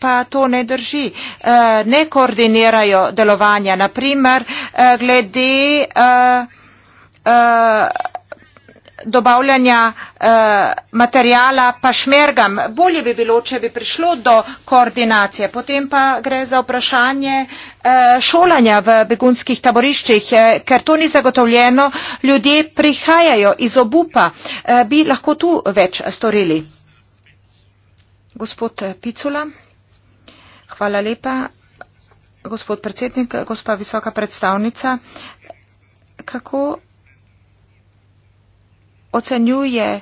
pa to ne drži. Ne koordinirajo delovanja, naprimer, glede dobavljanja uh, Eh, materijala pašmergam. Bolje bi bilo, če bi prišlo do koordinacije. Potem pa gre za vprašanje eh, šolanja v begunskih taboriščih, eh, ker to ni zagotovljeno. Ljudje prihajajo iz obupa. Bi lahko tu več storili? Gospod Picula, hvala lepa. Gospod predsednik, gospa visoka predstavnica, kako ocenjuje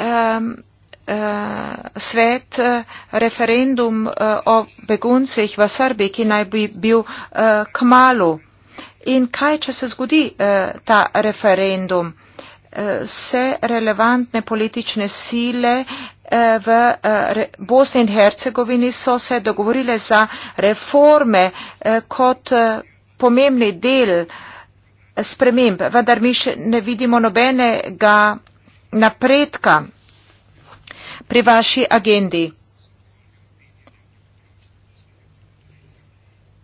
um, uh, svet uh, referendum uh, o beguncih v Srbiji, ki naj bi bil uh, kmalu. In kaj, če se zgodi uh, ta referendum? Se relevantne politične sile v Bosni in Hercegovini so se dogovorile za reforme kot pomembni del sprememb, vendar mi še ne vidimo nobenega napredka pri vaši agendi.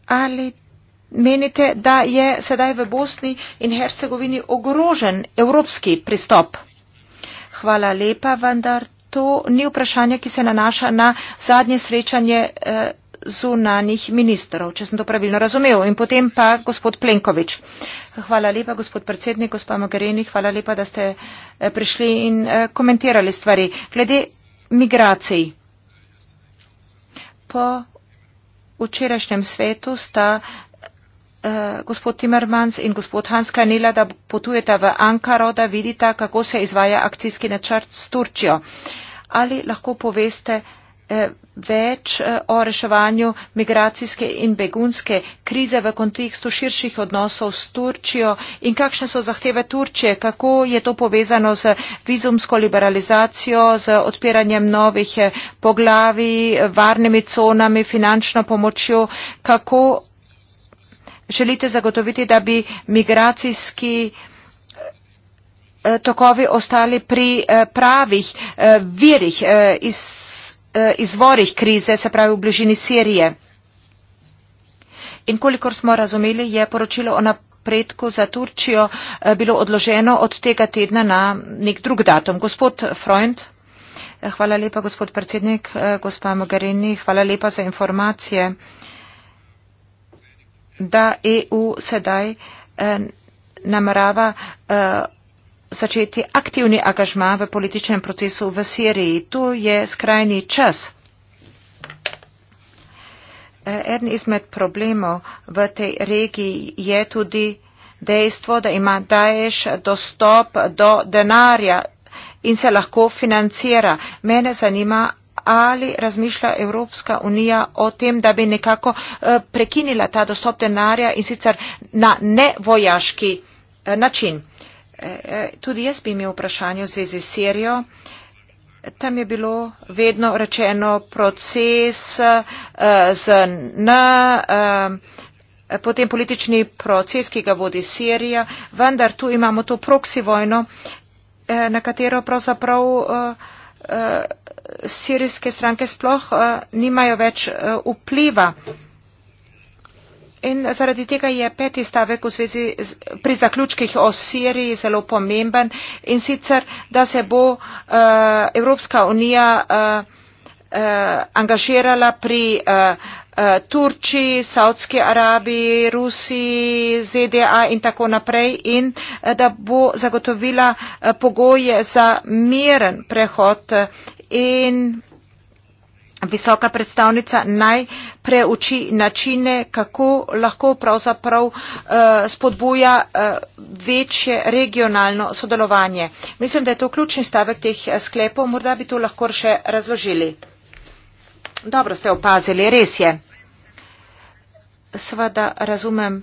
Ali menite, da je sedaj v Bosni in Hercegovini ogrožen evropski pristop? Hvala lepa, vendar to ni vprašanje, ki se nanaša na zadnje srečanje. Eh, zunanjih ministrov, če sem to pravilno razumel. In potem pa gospod Plenkovič. Hvala lepa, gospod predsednik, gospa Mogherini, hvala lepa, da ste eh, prišli in eh, komentirali stvari. Glede migracij. Po včerajšnjem svetu sta eh, gospod Timmermans in gospod Hans Kanila, da potujeta v Ankaro, da vidita, kako se izvaja akcijski načrt s Turčjo. Ali lahko poveste, Eh, več eh, o reševanju migracijske in begunske krize v kontekstu širših odnosov s Turčijo in kakšne so zahteve Turčije, kako je to povezano z vizumsko liberalizacijo, z odpiranjem novih eh, poglavi, varnimi conami, finančno pomočjo, kako želite zagotoviti, da bi migracijski tokovi ostali pri pravih virih iz Eh, izvorih krize, se pravi v bližini Sirije. In kolikor smo razumeli, je poročilo o napredku za Turčijo eh, bilo odloženo od tega tedna na nek drug datum. Gospod Freund. Eh, hvala lepa, gospod predsednik, gospa Mogherini. Hvala lepa za informacije, da EU sedaj namerava začeti aktivni angažma v političnem procesu v Siriji. Tu je skrajni čas. E, eden izmed problemov v tej regiji je tudi dejstvo, da ima Daesh dostop do denarja in se lahko financira. Mene zanima, ali razmišlja Evropska unija o tem, da bi nekako e, prekinila ta dostop denarja in sicer na nevojaški e, način. Tudi jaz bi imel vprašanje v zvezi s Sirijo. Tam je bilo vedno rečeno proces eh, z N, eh, potem politični proces, ki ga vodi Sirija, vendar tu imamo to proksi vojno, eh, na katero pravzaprav sirijske stranke sploh nimajo več vpliva. In zaradi tega je peti stavek v zvezi z, pri zaključkih o Siriji zelo pomemben in sicer, da se bo uh, Evropska unija uh, uh, angažirala pri uh, Turčiji, Saudski Arabiji, Rusiji, ZDA in tako naprej in da bo zagotovila pogoje za miren prehod in visoka predstavnica naj preuči načine, kako lahko pravzaprav eh, spodbuja eh, večje regionalno sodelovanje. Mislim, da je to ključni stavek teh eh, sklepov, morda bi to lahko še razložili. Dobro ste opazili, res je. Seveda razumem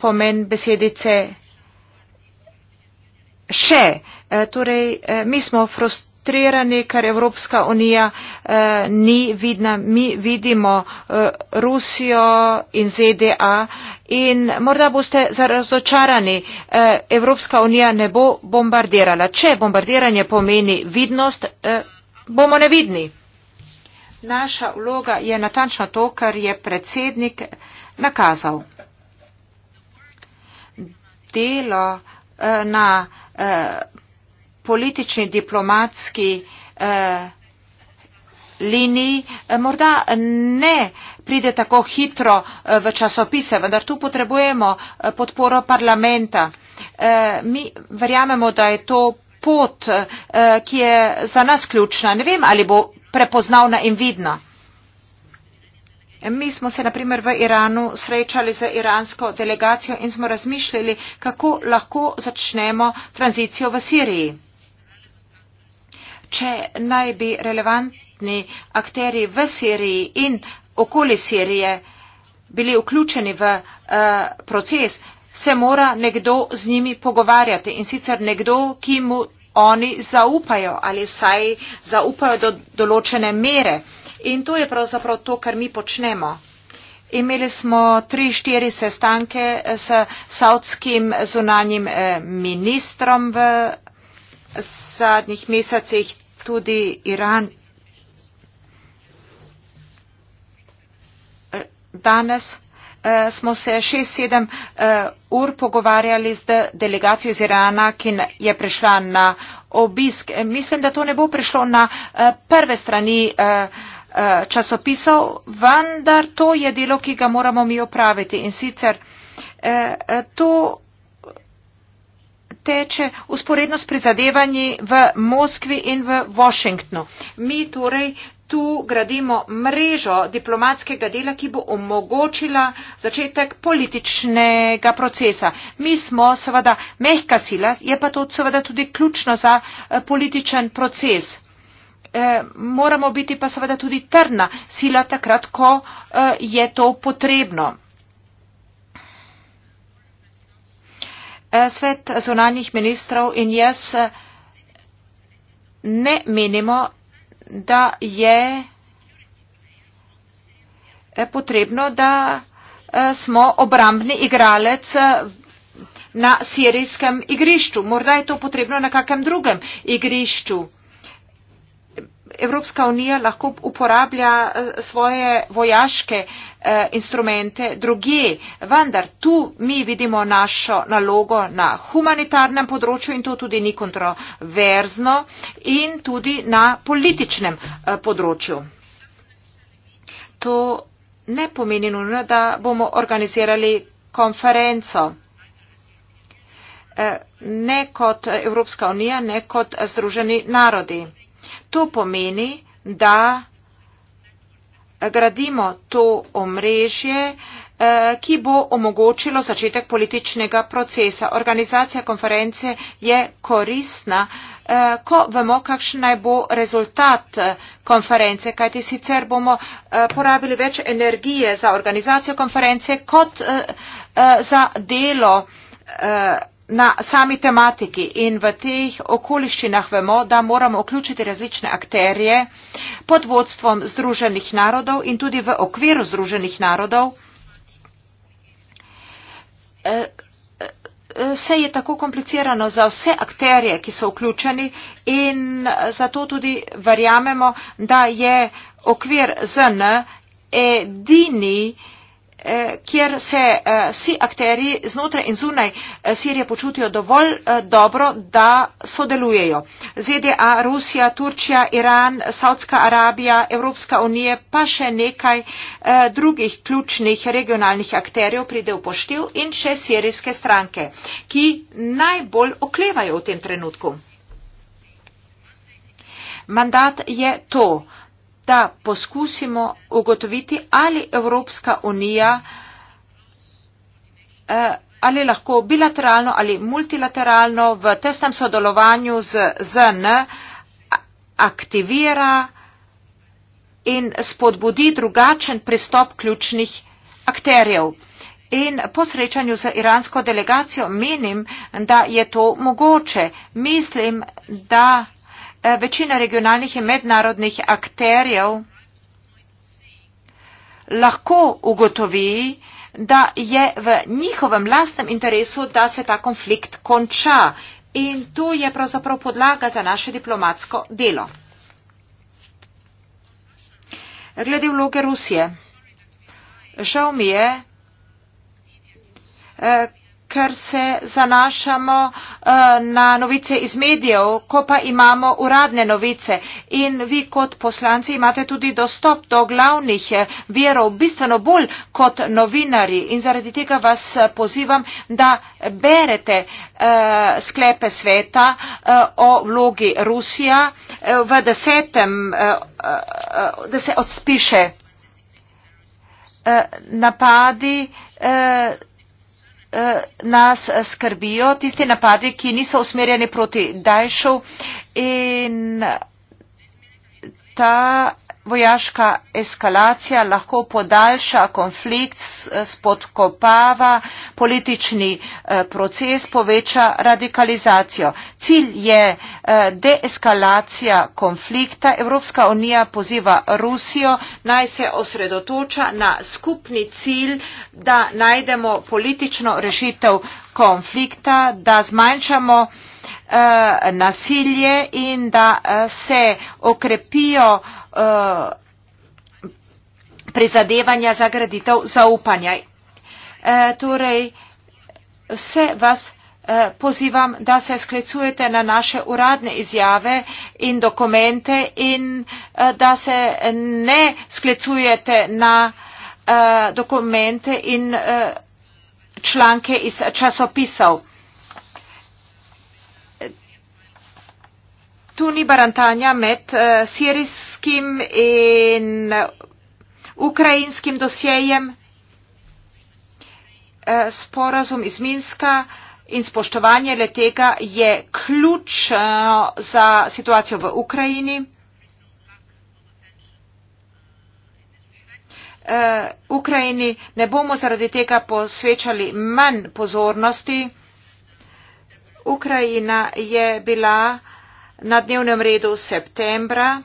pomen besedice še. Torej, mi smo frustrirani infiltrirani, kar Evropska unija eh, ni vidna. Mi vidimo eh, Rusijo in ZDA in morda boste razočarani, eh, Evropska unija ne bo bombardirala. Če bombardiranje pomeni vidnost, eh, bomo nevidni. Naša vloga je natančno to, kar je predsednik nakazal. Delo eh, na eh, politični, diplomatski eh, liniji eh, morda ne pride tako hitro eh, v časopise, vendar tu potrebujemo podporo parlamenta. Mi verjamemo, da je to pot, ki je za nas ključna. Ne vem, ali bo prepoznavna in vidna. Mi smo se naprimer v Iranu srečali z iransko delegacijo in smo razmišljali, kako lahko začnemo tranzicijo v Siriji če naj bi relevantni akteri v Siriji in okoli Sirije bili vključeni v uh, proces, se mora nekdo z njimi pogovarjati in sicer nekdo, ki mu oni zaupajo ali vsaj zaupajo do določene mere. In to je pravzaprav to, kar mi počnemo. Imeli smo tri, štiri sestanke s saudskim zunanjim eh, ministrom v zadnjih mesecih tudi Iran. Danes eh, smo se 6-7 eh, ur pogovarjali z delegacijo iz Irana, ki je prišla na obisk. Eh, mislim, da to ne bo prišlo na prve strani časopisov, vendar to je delo, ki ga moramo mi opraviti. In sicer to teče usporedno s prizadevanji v Moskvi in v Washingtonu. Mi torej tu gradimo mrežo diplomatskega dela, ki bo omogočila začetek političnega procesa. Mi smo seveda mehka sila, je pa to seveda tudi ključno za eh, političen proces. E, moramo biti pa seveda tudi trdna sila takrat, ko e, je to potrebno. Eh, svet zunanjih ministrov in jaz eh, ne menimo, da je eh, potrebno, da smo obrambni igralec na sirijskem igrišču. Morda je to potrebno na kakem drugem igrišču. Evropska unija lahko uporablja eh, svoje vojaške eh, instrumente druge, vendar tu mi vidimo našo nalogo na humanitarnem področju in to tudi ni kontroverzno in tudi na političnem eh, področju. To ne pomeni nujno, da bomo organizirali konferenco. Ne kot Evropska unija, ne kot Združeni narodi to pomeni, da gradimo to omrežje, eh, ki bo omogočilo začetek političnega procesa. Organizacija konference je korisna, eh, ko vemo, kakšen naj bo rezultat eh, konference, kajti sicer bomo porabili več energije za organizacijo konference kot za delo na sami tematiki in v teh okoliščinah vemo, da moramo vključiti različne akterje pod vodstvom Združenih narodov in tudi v okviru Združenih narodov. Vse e, e, je tako komplicirano za vse akterje, ki so vključeni in zato tudi verjamemo, da je okvir ZN edini, Eh, kjer se eh, vsi akteri znotraj in zunaj eh, Sirije počutijo dovolj dobro, da sodelujejo. ZDA, Rusija, Turčija, Iran, Saudska Arabija, Evropska unija pa še nekaj drugih ključnih regionalnih akterjev pride v poštev in še sirijske stranke, ki najbolj oklevajo v tem trenutku. Mandat je to da poskusimo ugotoviti, ali Evropska unija, eh, ali lahko bilateralno ali multilateralno v tesnem sodelovanju z ZN aktivira in spodbudi drugačen pristop ključnih akterjev. In po srečanju z iransko delegacijo menim, da je to mogoče. Mislim, da Eh, večina regionalnih in mednarodnih akterjev lahko ugotovi, da je v njihovem lastnem interesu, da se ta konflikt konča. In to je pravzaprav podlaga za naše diplomatsko delo. Glede vloge Rusije. Žal mi je, eh, ker se zanašamo uh, na novice iz medijev, ko pa imamo uradne novice. In vi kot poslanci imate tudi dostop do glavnih eh, verov, bistveno bolj kot novinari. In zaradi tega vas eh, pozivam, da berete uh, sklepe sveta uh, o vlogi Rusija uh, v desetem, uh, uh, da se odspiše uh, napadi. Uh, Eh, nas eh, skrbijo tisti napadi, ki niso usmerjeni proti Dajšu in ta vojaška eskalacija lahko podaljša konflikt, spodkopava politični eh, proces, poveča radikalizacijo. Cilj je eh, deeskalacija konflikta. Evropska unija poziva Rusijo naj se osredotoča na skupni cilj, da najdemo politično rešitev konflikta, da zmanjšamo Eh, nasilje in da eh, se okrepijo eh, prizadevanja za graditev zaupanja. Torej, vse vas pozivam, da se sklicujete na naše uradne izjave in dokumente in da se ne sklicujete na dokumente in članke iz časopisov. tu ni barantanja med uh, sirijskim in eh, ukrajinskim dosjejem. Uh, sporazum iz Minska in spoštovanje letega je ključ uh, za situacijo v Ukrajini. Uh, Ukrajini ne bomo zaradi tega posvečali manj pozornosti. Ukrajina je bila uh, na dnevnem redu septembra.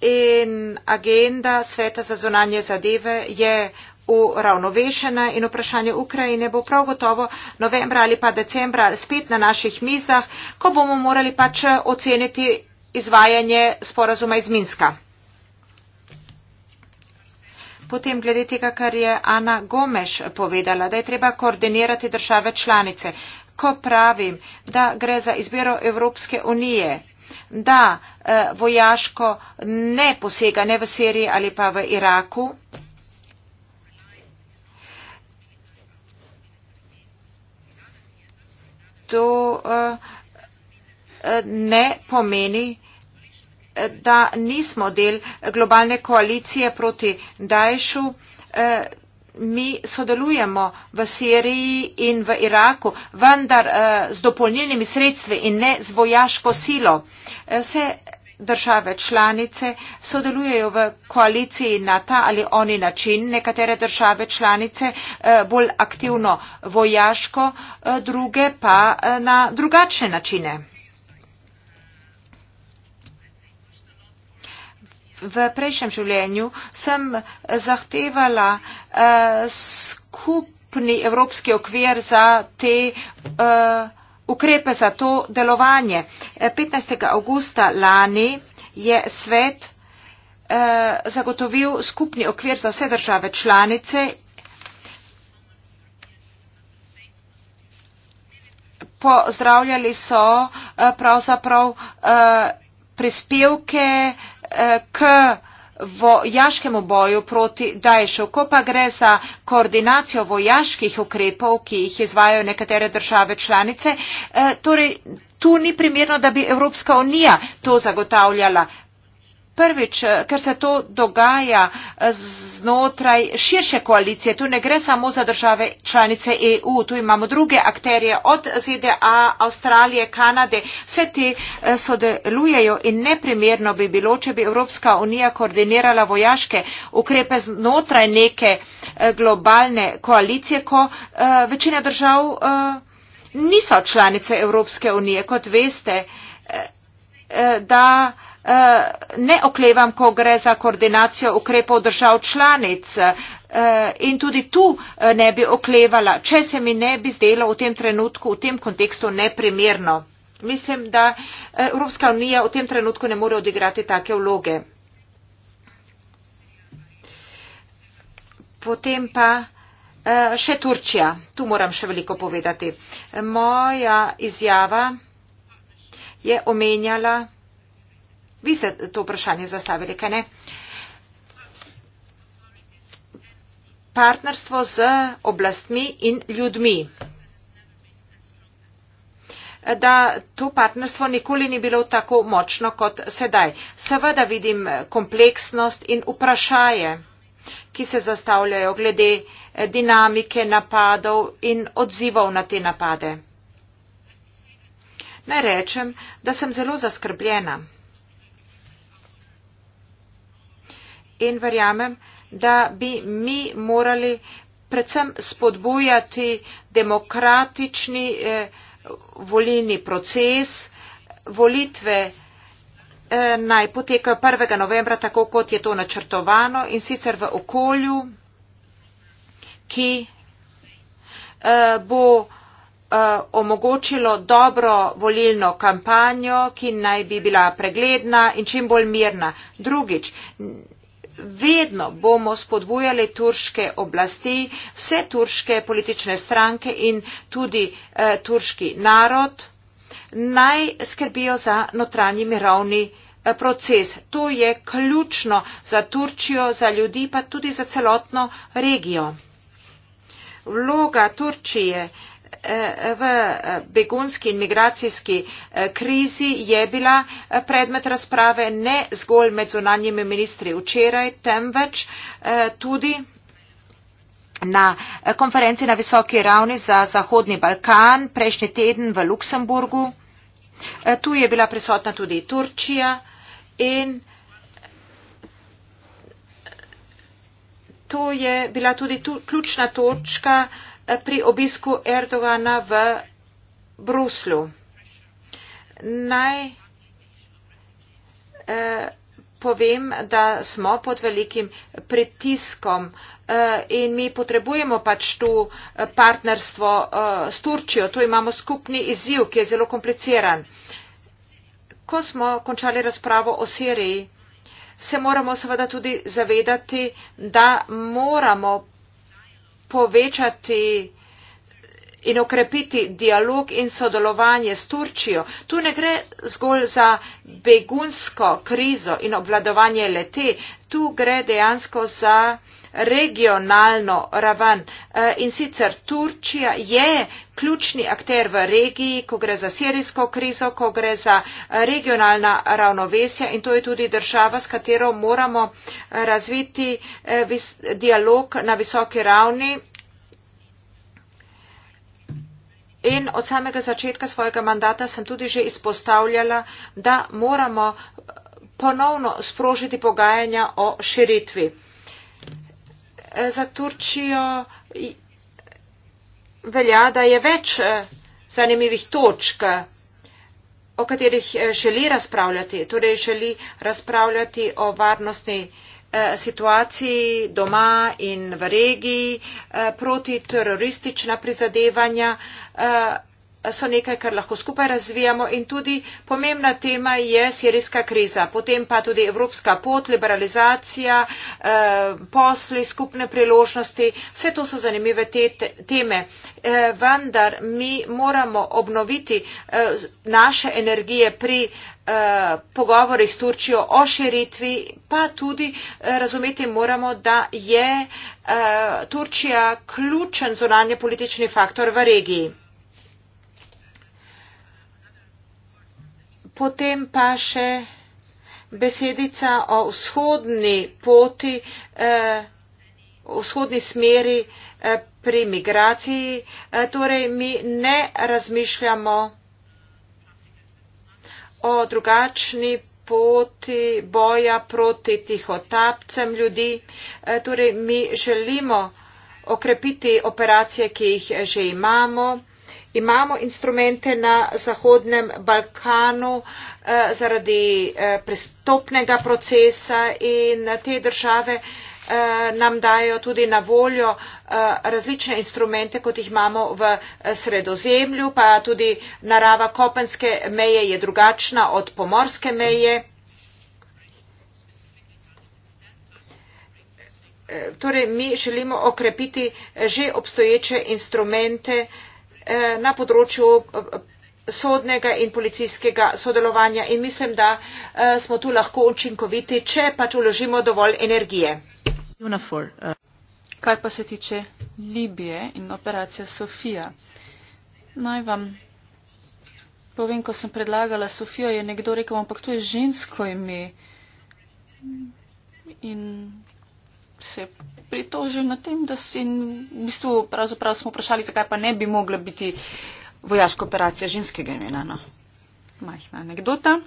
In agenda Sveta za zonanje zadeve je uravnovešena in vprašanje Ukrajine bo prav gotovo novembra ali pa decembra spet na naših mizah, ko bomo morali pač oceniti izvajanje sporazuma iz Minska. Potem glede tega, kar je Ana Gomeš povedala, da je treba koordinirati države članice. Ko pravim, da gre za izbiro Evropske unije, da eh, vojaško ne posega ne v Siriji ali pa v Iraku, to eh, eh, ne pomeni, da nismo del globalne koalicije proti Daješu. E, mi sodelujemo v Siriji in v Iraku, vendar e, z dopolnilnimi sredstvi in ne z vojaško silo. E, vse države članice sodelujejo v koaliciji na ta ali oni način. Nekatere države članice bolj aktivno vojaško, druge pa na drugačne načine. v prejšnjem življenju sem zahtevala uh, skupni evropski okvir za te uh, ukrepe, za to delovanje. 15. Eh, augusta lani je svet zagotovil skupni okvir za vse države članice pozdravljali so pravzaprav prispevke Eh, k vojaškemu boju proti Daješu. Ko pa gre za koordinacijo vojaških ukrepov, ki jih izvajajo nekatere države članice, eh, torej tu ni primerno, da bi Evropska unija to zagotavljala prvič, ker se to dogaja znotraj širše koalicije. Tu ne gre samo za države članice EU, tu imamo druge akterje od ZDA, Avstralije, Kanade. Vse te eh, sodelujejo in neprimerno bi bilo, če bi Evropska unija koordinirala vojaške ukrepe znotraj neke eh, globalne koalicije, ko eh, večina držav niso članice Evropske unije, kot veste, da Eh, ne oklevam, ko gre za koordinacijo ukrepov držav članic. Eh, in tudi tu eh, ne bi oklevala, če se mi ne bi zdelo v tem trenutku, v tem kontekstu neprimerno. Mislim, da Evropska unija v tem trenutku ne more odigrati take vloge. Potem pa še Turčija. Tu moram še veliko povedati. Moja izjava je omenjala vi ste to vprašanje zastavili, kaj ne? Partnerstvo z oblastmi in ljudmi. Da to partnerstvo nikoli ni bilo tako močno kot sedaj. Seveda vidim kompleksnost in vprašanje, ki se zastavljajo glede dinamike napadov in odzivov na te napade. Naj rečem, da sem zelo zaskrbljena. in verjamem, da bi mi morali predvsem spodbujati demokratični eh, volilni proces. Volitve eh, naj potekajo 1. novembra, tako kot je to načrtovano in sicer v okolju, ki eh, bo eh, omogočilo dobro volilno kampanjo, ki naj bi bila pregledna in čim bolj mirna. Drugič, Vedno bomo spodbujali turške oblasti, vse turške politične stranke in tudi e, turški narod naj skrbijo za notranji mirovni e, proces. To je ključno za Turčijo, za ljudi, pa tudi za celotno regijo. Vloga Turčije v begunski in migracijski eh, krizi je bila eh, predmet razprave ne zgolj med zunanjimi ministri včeraj, temveč eh, tudi na konferenci na visoki ravni za Zahodni Balkan prejšnji teden v Luksemburgu. Tu je bila prisotna tudi Turčija in to je bila tudi tu, ključna točka pri obisku Erdogana v Bruslu. Naj eh, povem, da smo pod velikim pritiskom eh, in mi potrebujemo pač tu eh, partnerstvo s Turčijo. Tu imamo skupni izziv, ki je zelo kompliciran. Ko smo končali razpravo o Siriji, se moramo seveda tudi zavedati, da moramo povečati in okrepiti dialog in sodelovanje s Turčijo. Tu ne gre zgolj za begunsko krizo in obvladovanje lete, tu gre dejansko za regionalno raven. Eh, in sicer Turčija je ključni akter v regiji, ko gre za sirijsko krizo, ko gre za regionalna ravnovesja in to je tudi država, s katero moramo eh, razviti eh, dialog na visoki ravni. In od samega začetka svojega mandata sem tudi že izpostavljala, da moramo ponovno sprožiti pogajanja o širitvi za Turčijo velja, da je več eh, zanimivih točk, o katerih eh, želi razpravljati. Torej želi razpravljati o varnostni eh, situaciji doma in v regiji, protiteroristična prizadevanja, so nekaj, kar lahko skupaj razvijamo in tudi pomembna tema je sirijska kriza. Potem pa tudi evropska pot, liberalizacija, eh, posli, skupne priložnosti. Vse to so zanimive te teme. Eh, vendar mi moramo obnoviti eh, naše energije pri pogovori s Turčijo o širitvi, pa tudi razumeti moramo, da je Turčija ključen zunanje politični faktor v regiji. potem pa še besedica o vzhodni poti, eh, vzhodni smeri eh, pri migraciji. Eh, torej, mi ne razmišljamo o drugačni poti boja proti tihotapcem ljudi. Eh, torej, mi želimo okrepiti operacije, ki jih že imamo imamo instrumente na Zahodnem Balkanu eh, zaradi eh, pristopnega procesa in te države eh, nam dajo tudi na voljo različne instrumente, kot jih imamo v sredozemlju, pa tudi narava kopenske meje je drugačna od pomorske meje. Torej, mi želimo okrepiti že obstoječe instrumente, Eh, na področju eh, sodnega in policijskega sodelovanja in mislim, da eh, smo tu lahko učinkoviti, če pač uložimo dovolj energije. Kaj pa se tiče Libije in operacija Sofija? Naj vam povem, ko sem predlagala Sofijo, je nekdo rekel, ampak to je žensko ime. In se pritožil na tem, da si in v bistvu pravzaprav smo vprašali, zakaj pa ne bi mogla biti vojaška operacija ženskega imena. No. Majhna anekdota.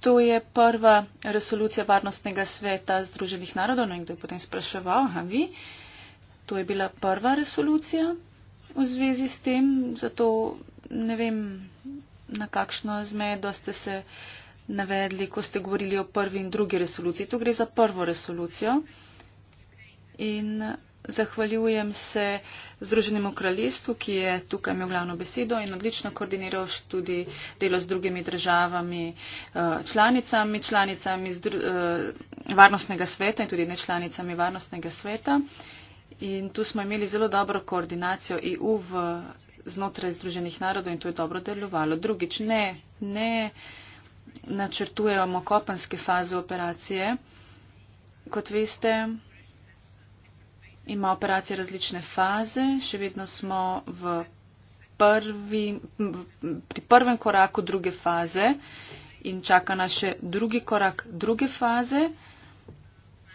To je prva resolucija Varnostnega sveta Združenih narodov, nekdo no, je potem spraševal, a vi, to je bila prva resolucija v zvezi s tem, zato ne vem, na kakšno zmedo ste se. Uh, navedli, ko ste govorili o prvi in drugi resoluciji. Tu gre za prvo resolucijo in zahvaljujem se Združenemu kraljestvu, ki je tukaj imel glavno besedo in odlično koordiniral tudi delo z drugimi državami, eh, članicami, članicami eh, varnostnega sveta in tudi nečlanicami varnostnega sveta. In tu smo imeli zelo dobro koordinacijo EU v znotraj Združenih narodov in to je dobro delovalo. Drugič, ne, ne načrtujemo kopenske faze operacije. Kot veste, ima operacija različne faze, še vedno smo v prvi, pri prvem koraku druge faze in čaka nas še drugi korak druge faze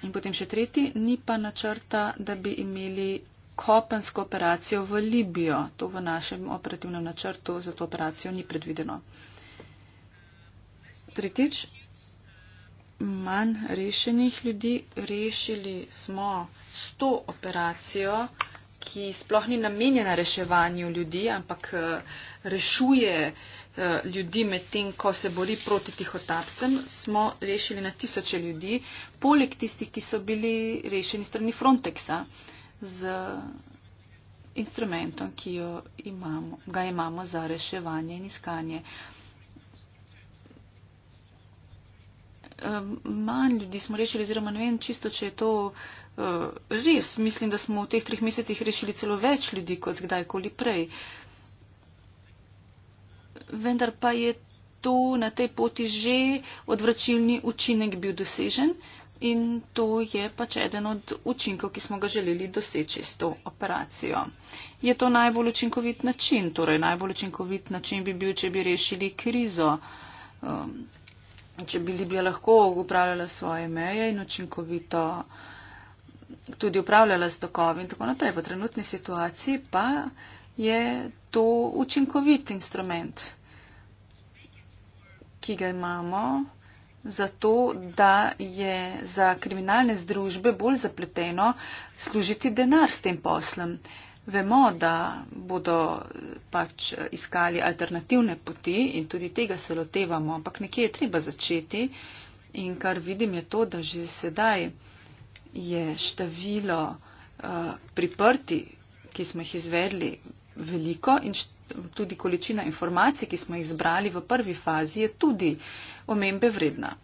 in potem še tretji, ni pa načrta, da bi imeli kopensko operacijo v Libijo. To v našem operativnem načrtu za to operacijo ni predvideno. Tretjič, manj rešenih ljudi. Rešili smo s to operacijo, ki sploh ni namenjena reševanju ljudi, ampak eh, rešuje eh, ljudi med tem, ko se bori proti tihotapcem, smo rešili na tisoče ljudi, poleg tistih, ki so bili rešeni strani Frontexa z instrumentom, ki imamo, ga imamo za reševanje in iskanje. Um, manj ljudi smo rešili, oziroma ne vem čisto, če je to uh, res. Mislim, da smo v teh treh mesecih rešili celo več ljudi kot kdajkoli prej. Vendar pa je to na tej poti že odvračilni učinek bil dosežen in to je pač eden od učinkov, ki smo ga želeli doseči s to operacijo. Je to najbolj učinkovit način? Torej, najbolj učinkovit način bi bil, če bi rešili krizo. Um, če bi Libija lahko upravljala svoje meje in učinkovito tudi upravljala stokovi in tako naprej. V trenutni situaciji pa je to učinkovit instrument, ki ga imamo zato, da je za kriminalne združbe bolj zapleteno služiti denar s tem poslom. Uh, vemo, da bodo pač iskali alternativne poti in tudi tega se lotevamo, ampak nekje je treba začeti in kar vidim je to, da že sedaj je število uh, eh, priprti, ki smo jih izvedli, veliko in tudi količina informacij, ki smo jih zbrali v prvi fazi, je tudi omembe vredna.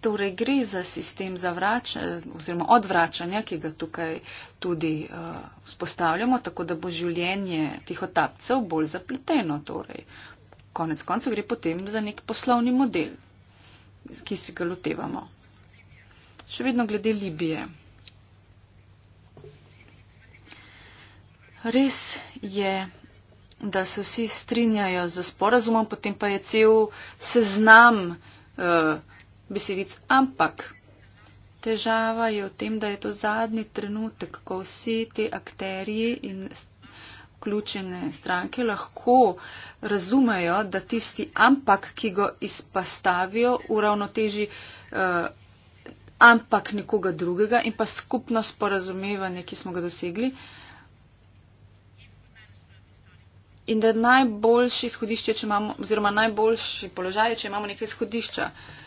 Torej gre za sistem zavračanja oziroma odvračanja, ki ga tukaj tudi uh, eh, spostavljamo, tako da bo življenje tih otapcev bolj zapleteno. Torej. Konec koncev gre potem za nek poslovni model, ki si ga lotevamo. Še vedno glede Libije. Res je, da se vsi strinjajo za sporazumom, potem pa je cel seznam. Uh, besedic, ampak težava je v tem, da je to zadnji trenutek, ko vsi ti akteri in vključene stranke lahko razumejo, da tisti ampak, ki ga izpostavijo, uravnoteži eh, ampak nekoga drugega in pa skupno sporazumevanje, ki smo ga dosegli. In da najboljši izhodišče, če imamo, oziroma najboljši položaj, če imamo nekaj izhodišča. Uh,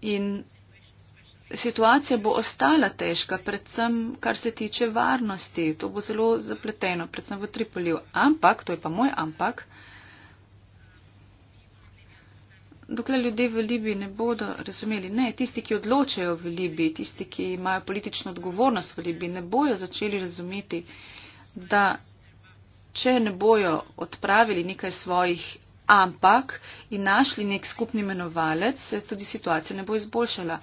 in situacija bo ostala težka, predvsem kar se tiče varnosti. To bo zelo zapleteno, predvsem v Tripoliju. Ampak, to je pa moj ampak, dokler ljudje v Libiji ne bodo razumeli, ne, tisti, ki odločajo v Libiji, tisti, ki imajo politično odgovornost v Libiji, ne bojo začeli razumeti, da če ne bojo odpravili nekaj svojih ampak in našli nek skupni imenovalec, se tudi situacija ne bo izboljšala.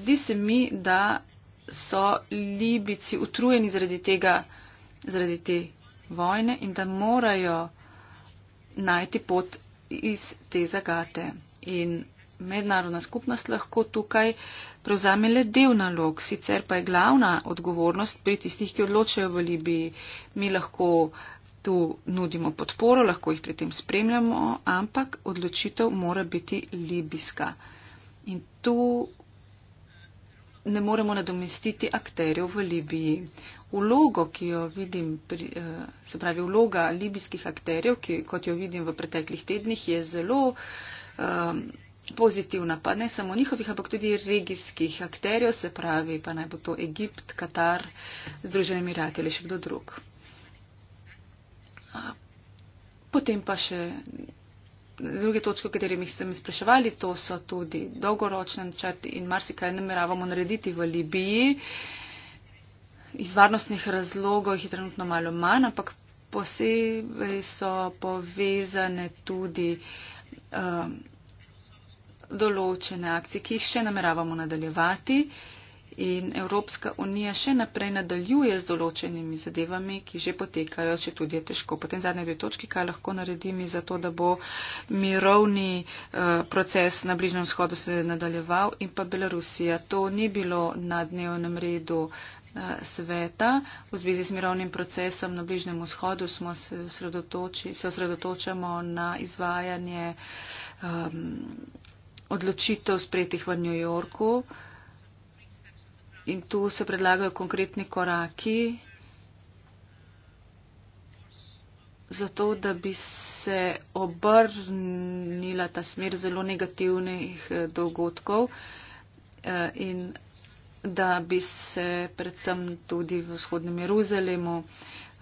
Zdi se mi, da so Libici utrujeni zaradi tega, zaradi te vojne in da morajo najti pot iz te zagate. In mednarodna skupnost lahko tukaj prevzame le del nalog, sicer pa je glavna odgovornost pri tistih, ki odločajo v Libiji. Mi lahko tu nudimo podporo, lahko jih pri tem spremljamo, ampak odločitev mora biti libijska. In tu ne moremo nadomestiti akterjev v Libiji. Ulogo, ki jo vidim, pri, eh, se pravi vloga libijskih akterjev, ki, kot jo vidim v preteklih tednih, je zelo um, pozitivna, pa ne samo njihovih, ampak tudi regijskih akterjev, se pravi, pa naj bo to Egipt, Katar, Združene mirate ali še kdo drug. Potem pa še druge točke, o katerih ste mi spraševali, to so tudi dolgoročne načrti in marsikaj nameravamo narediti v Libiji. Iz varnostnih razlogov jih je trenutno malo manj, ampak posebej so povezane tudi um, določene akcije, ki jih še nameravamo nadaljevati. Um, in Evropska unija še naprej nadaljuje z določenimi zadevami, ki že potekajo, če tudi je težko. Potem zadnje dve točki, kaj lahko naredim za to, da bo mirovni uh, proces na Bližnjem shodu se nadaljeval in pa Belorusija. To ni bilo na dnevnem redu eh, sveta. V zvezi s mirovnim procesom na Bližnjem vzhodu smo se, se osredotočamo na izvajanje um, odločitev spretih v New Yorku. Uh, in tu se predlagajo konkretni koraki za to, da bi se obrnila ta smer zelo negativnih eh, dogodkov eh, in da bi se predvsem tudi v vzhodnem Jeruzalemu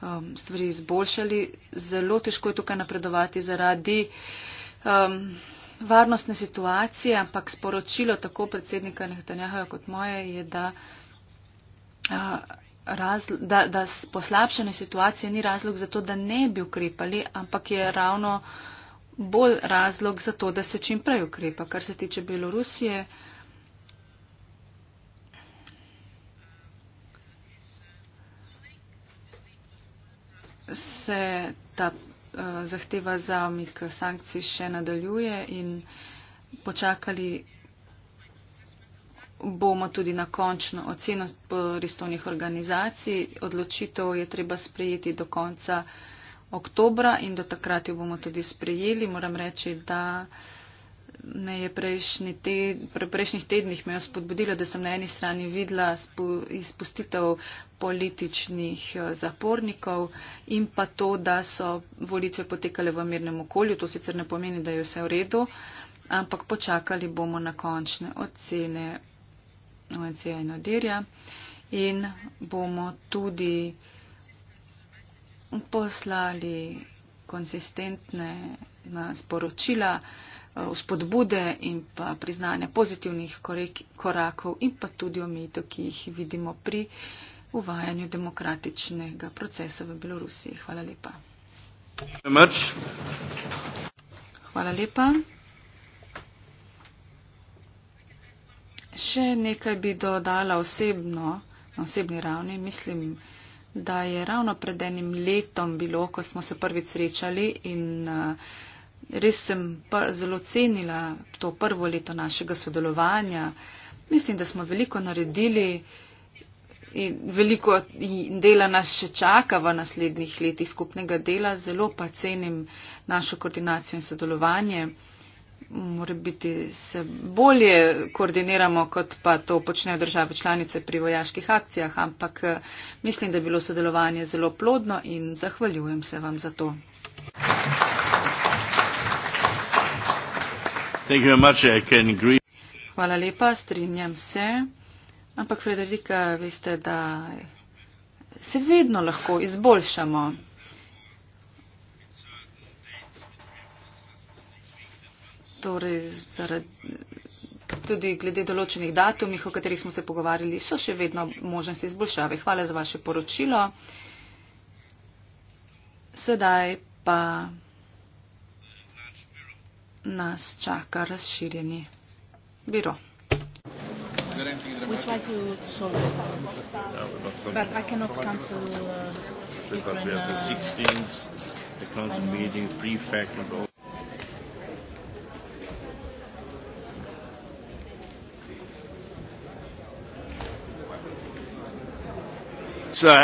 um, stvari izboljšali. Zelo težko je tukaj napredovati zaradi um, varnostne situacije, ampak sporočilo tako predsednika Netanjaha kot moje je, da, da, da poslabšanje situacije ni razlog za to, da ne bi ukrepali, ampak je ravno bolj razlog za to, da se čimprej ukrepa. Kar se tiče Belorusije, se ta Eh, zahteva za omik sankcij še nadaljuje in počakali bomo tudi na končno oceno pristovnih organizacij. Odločitev je treba sprejeti do konca oktobra in do takrat jo bomo tudi sprejeli. Moram reči, da me je prejšnji te, prejšnjih tednih me je spodbudilo, da sem na eni strani videla izpustitev političnih eh, zapornikov in pa to, da so volitve potekale v mirnem okolju. To sicer ne pomeni, da je vse v redu, ampak počakali bomo na končne ocene OECD-ja in ODIR-ja in bomo tudi poslali konsistentne eh, sporočila. Eh, vzpodbude in pa priznanja pozitivnih korakov in pa tudi omejitev, ki jih vidimo pri uvajanju demokratičnega procesa v Belorusiji. Hvala lepa. Hvala lepa. Še nekaj bi dodala osebno, na osebni ravni. Mislim, da je ravno pred enim letom bilo, ko smo se prvič srečali in uh, res sem pa zelo cenila to prvo leto našega sodelovanja. Mislim, da smo veliko naredili in veliko dela nas še čaka v naslednjih letih skupnega dela. Zelo pa cenim našo koordinacijo in sodelovanje. Mora biti se bolje koordiniramo, kot pa to počnejo države članice pri vojaških akcijah, ampak eh, mislim, da je bilo sodelovanje zelo plodno in zahvaljujem se vam za to. Thank you. Uh, Hvala lepa, strinjam se. Ampak, Frederika, veste, da se vedno lahko izboljšamo. Torej, zaradi, tudi glede določenih datumih, o katerih smo se pogovarjali, so še vedno možnosti izboljšave. Hvala za vaše poročilo. Sedaj pa nas čaka razširjeni biro. We try to, to solve it. Yeah, but I cannot cancel uh, Ukraine. We have uh, the 16th, the council meeting, prefect and all. Sir.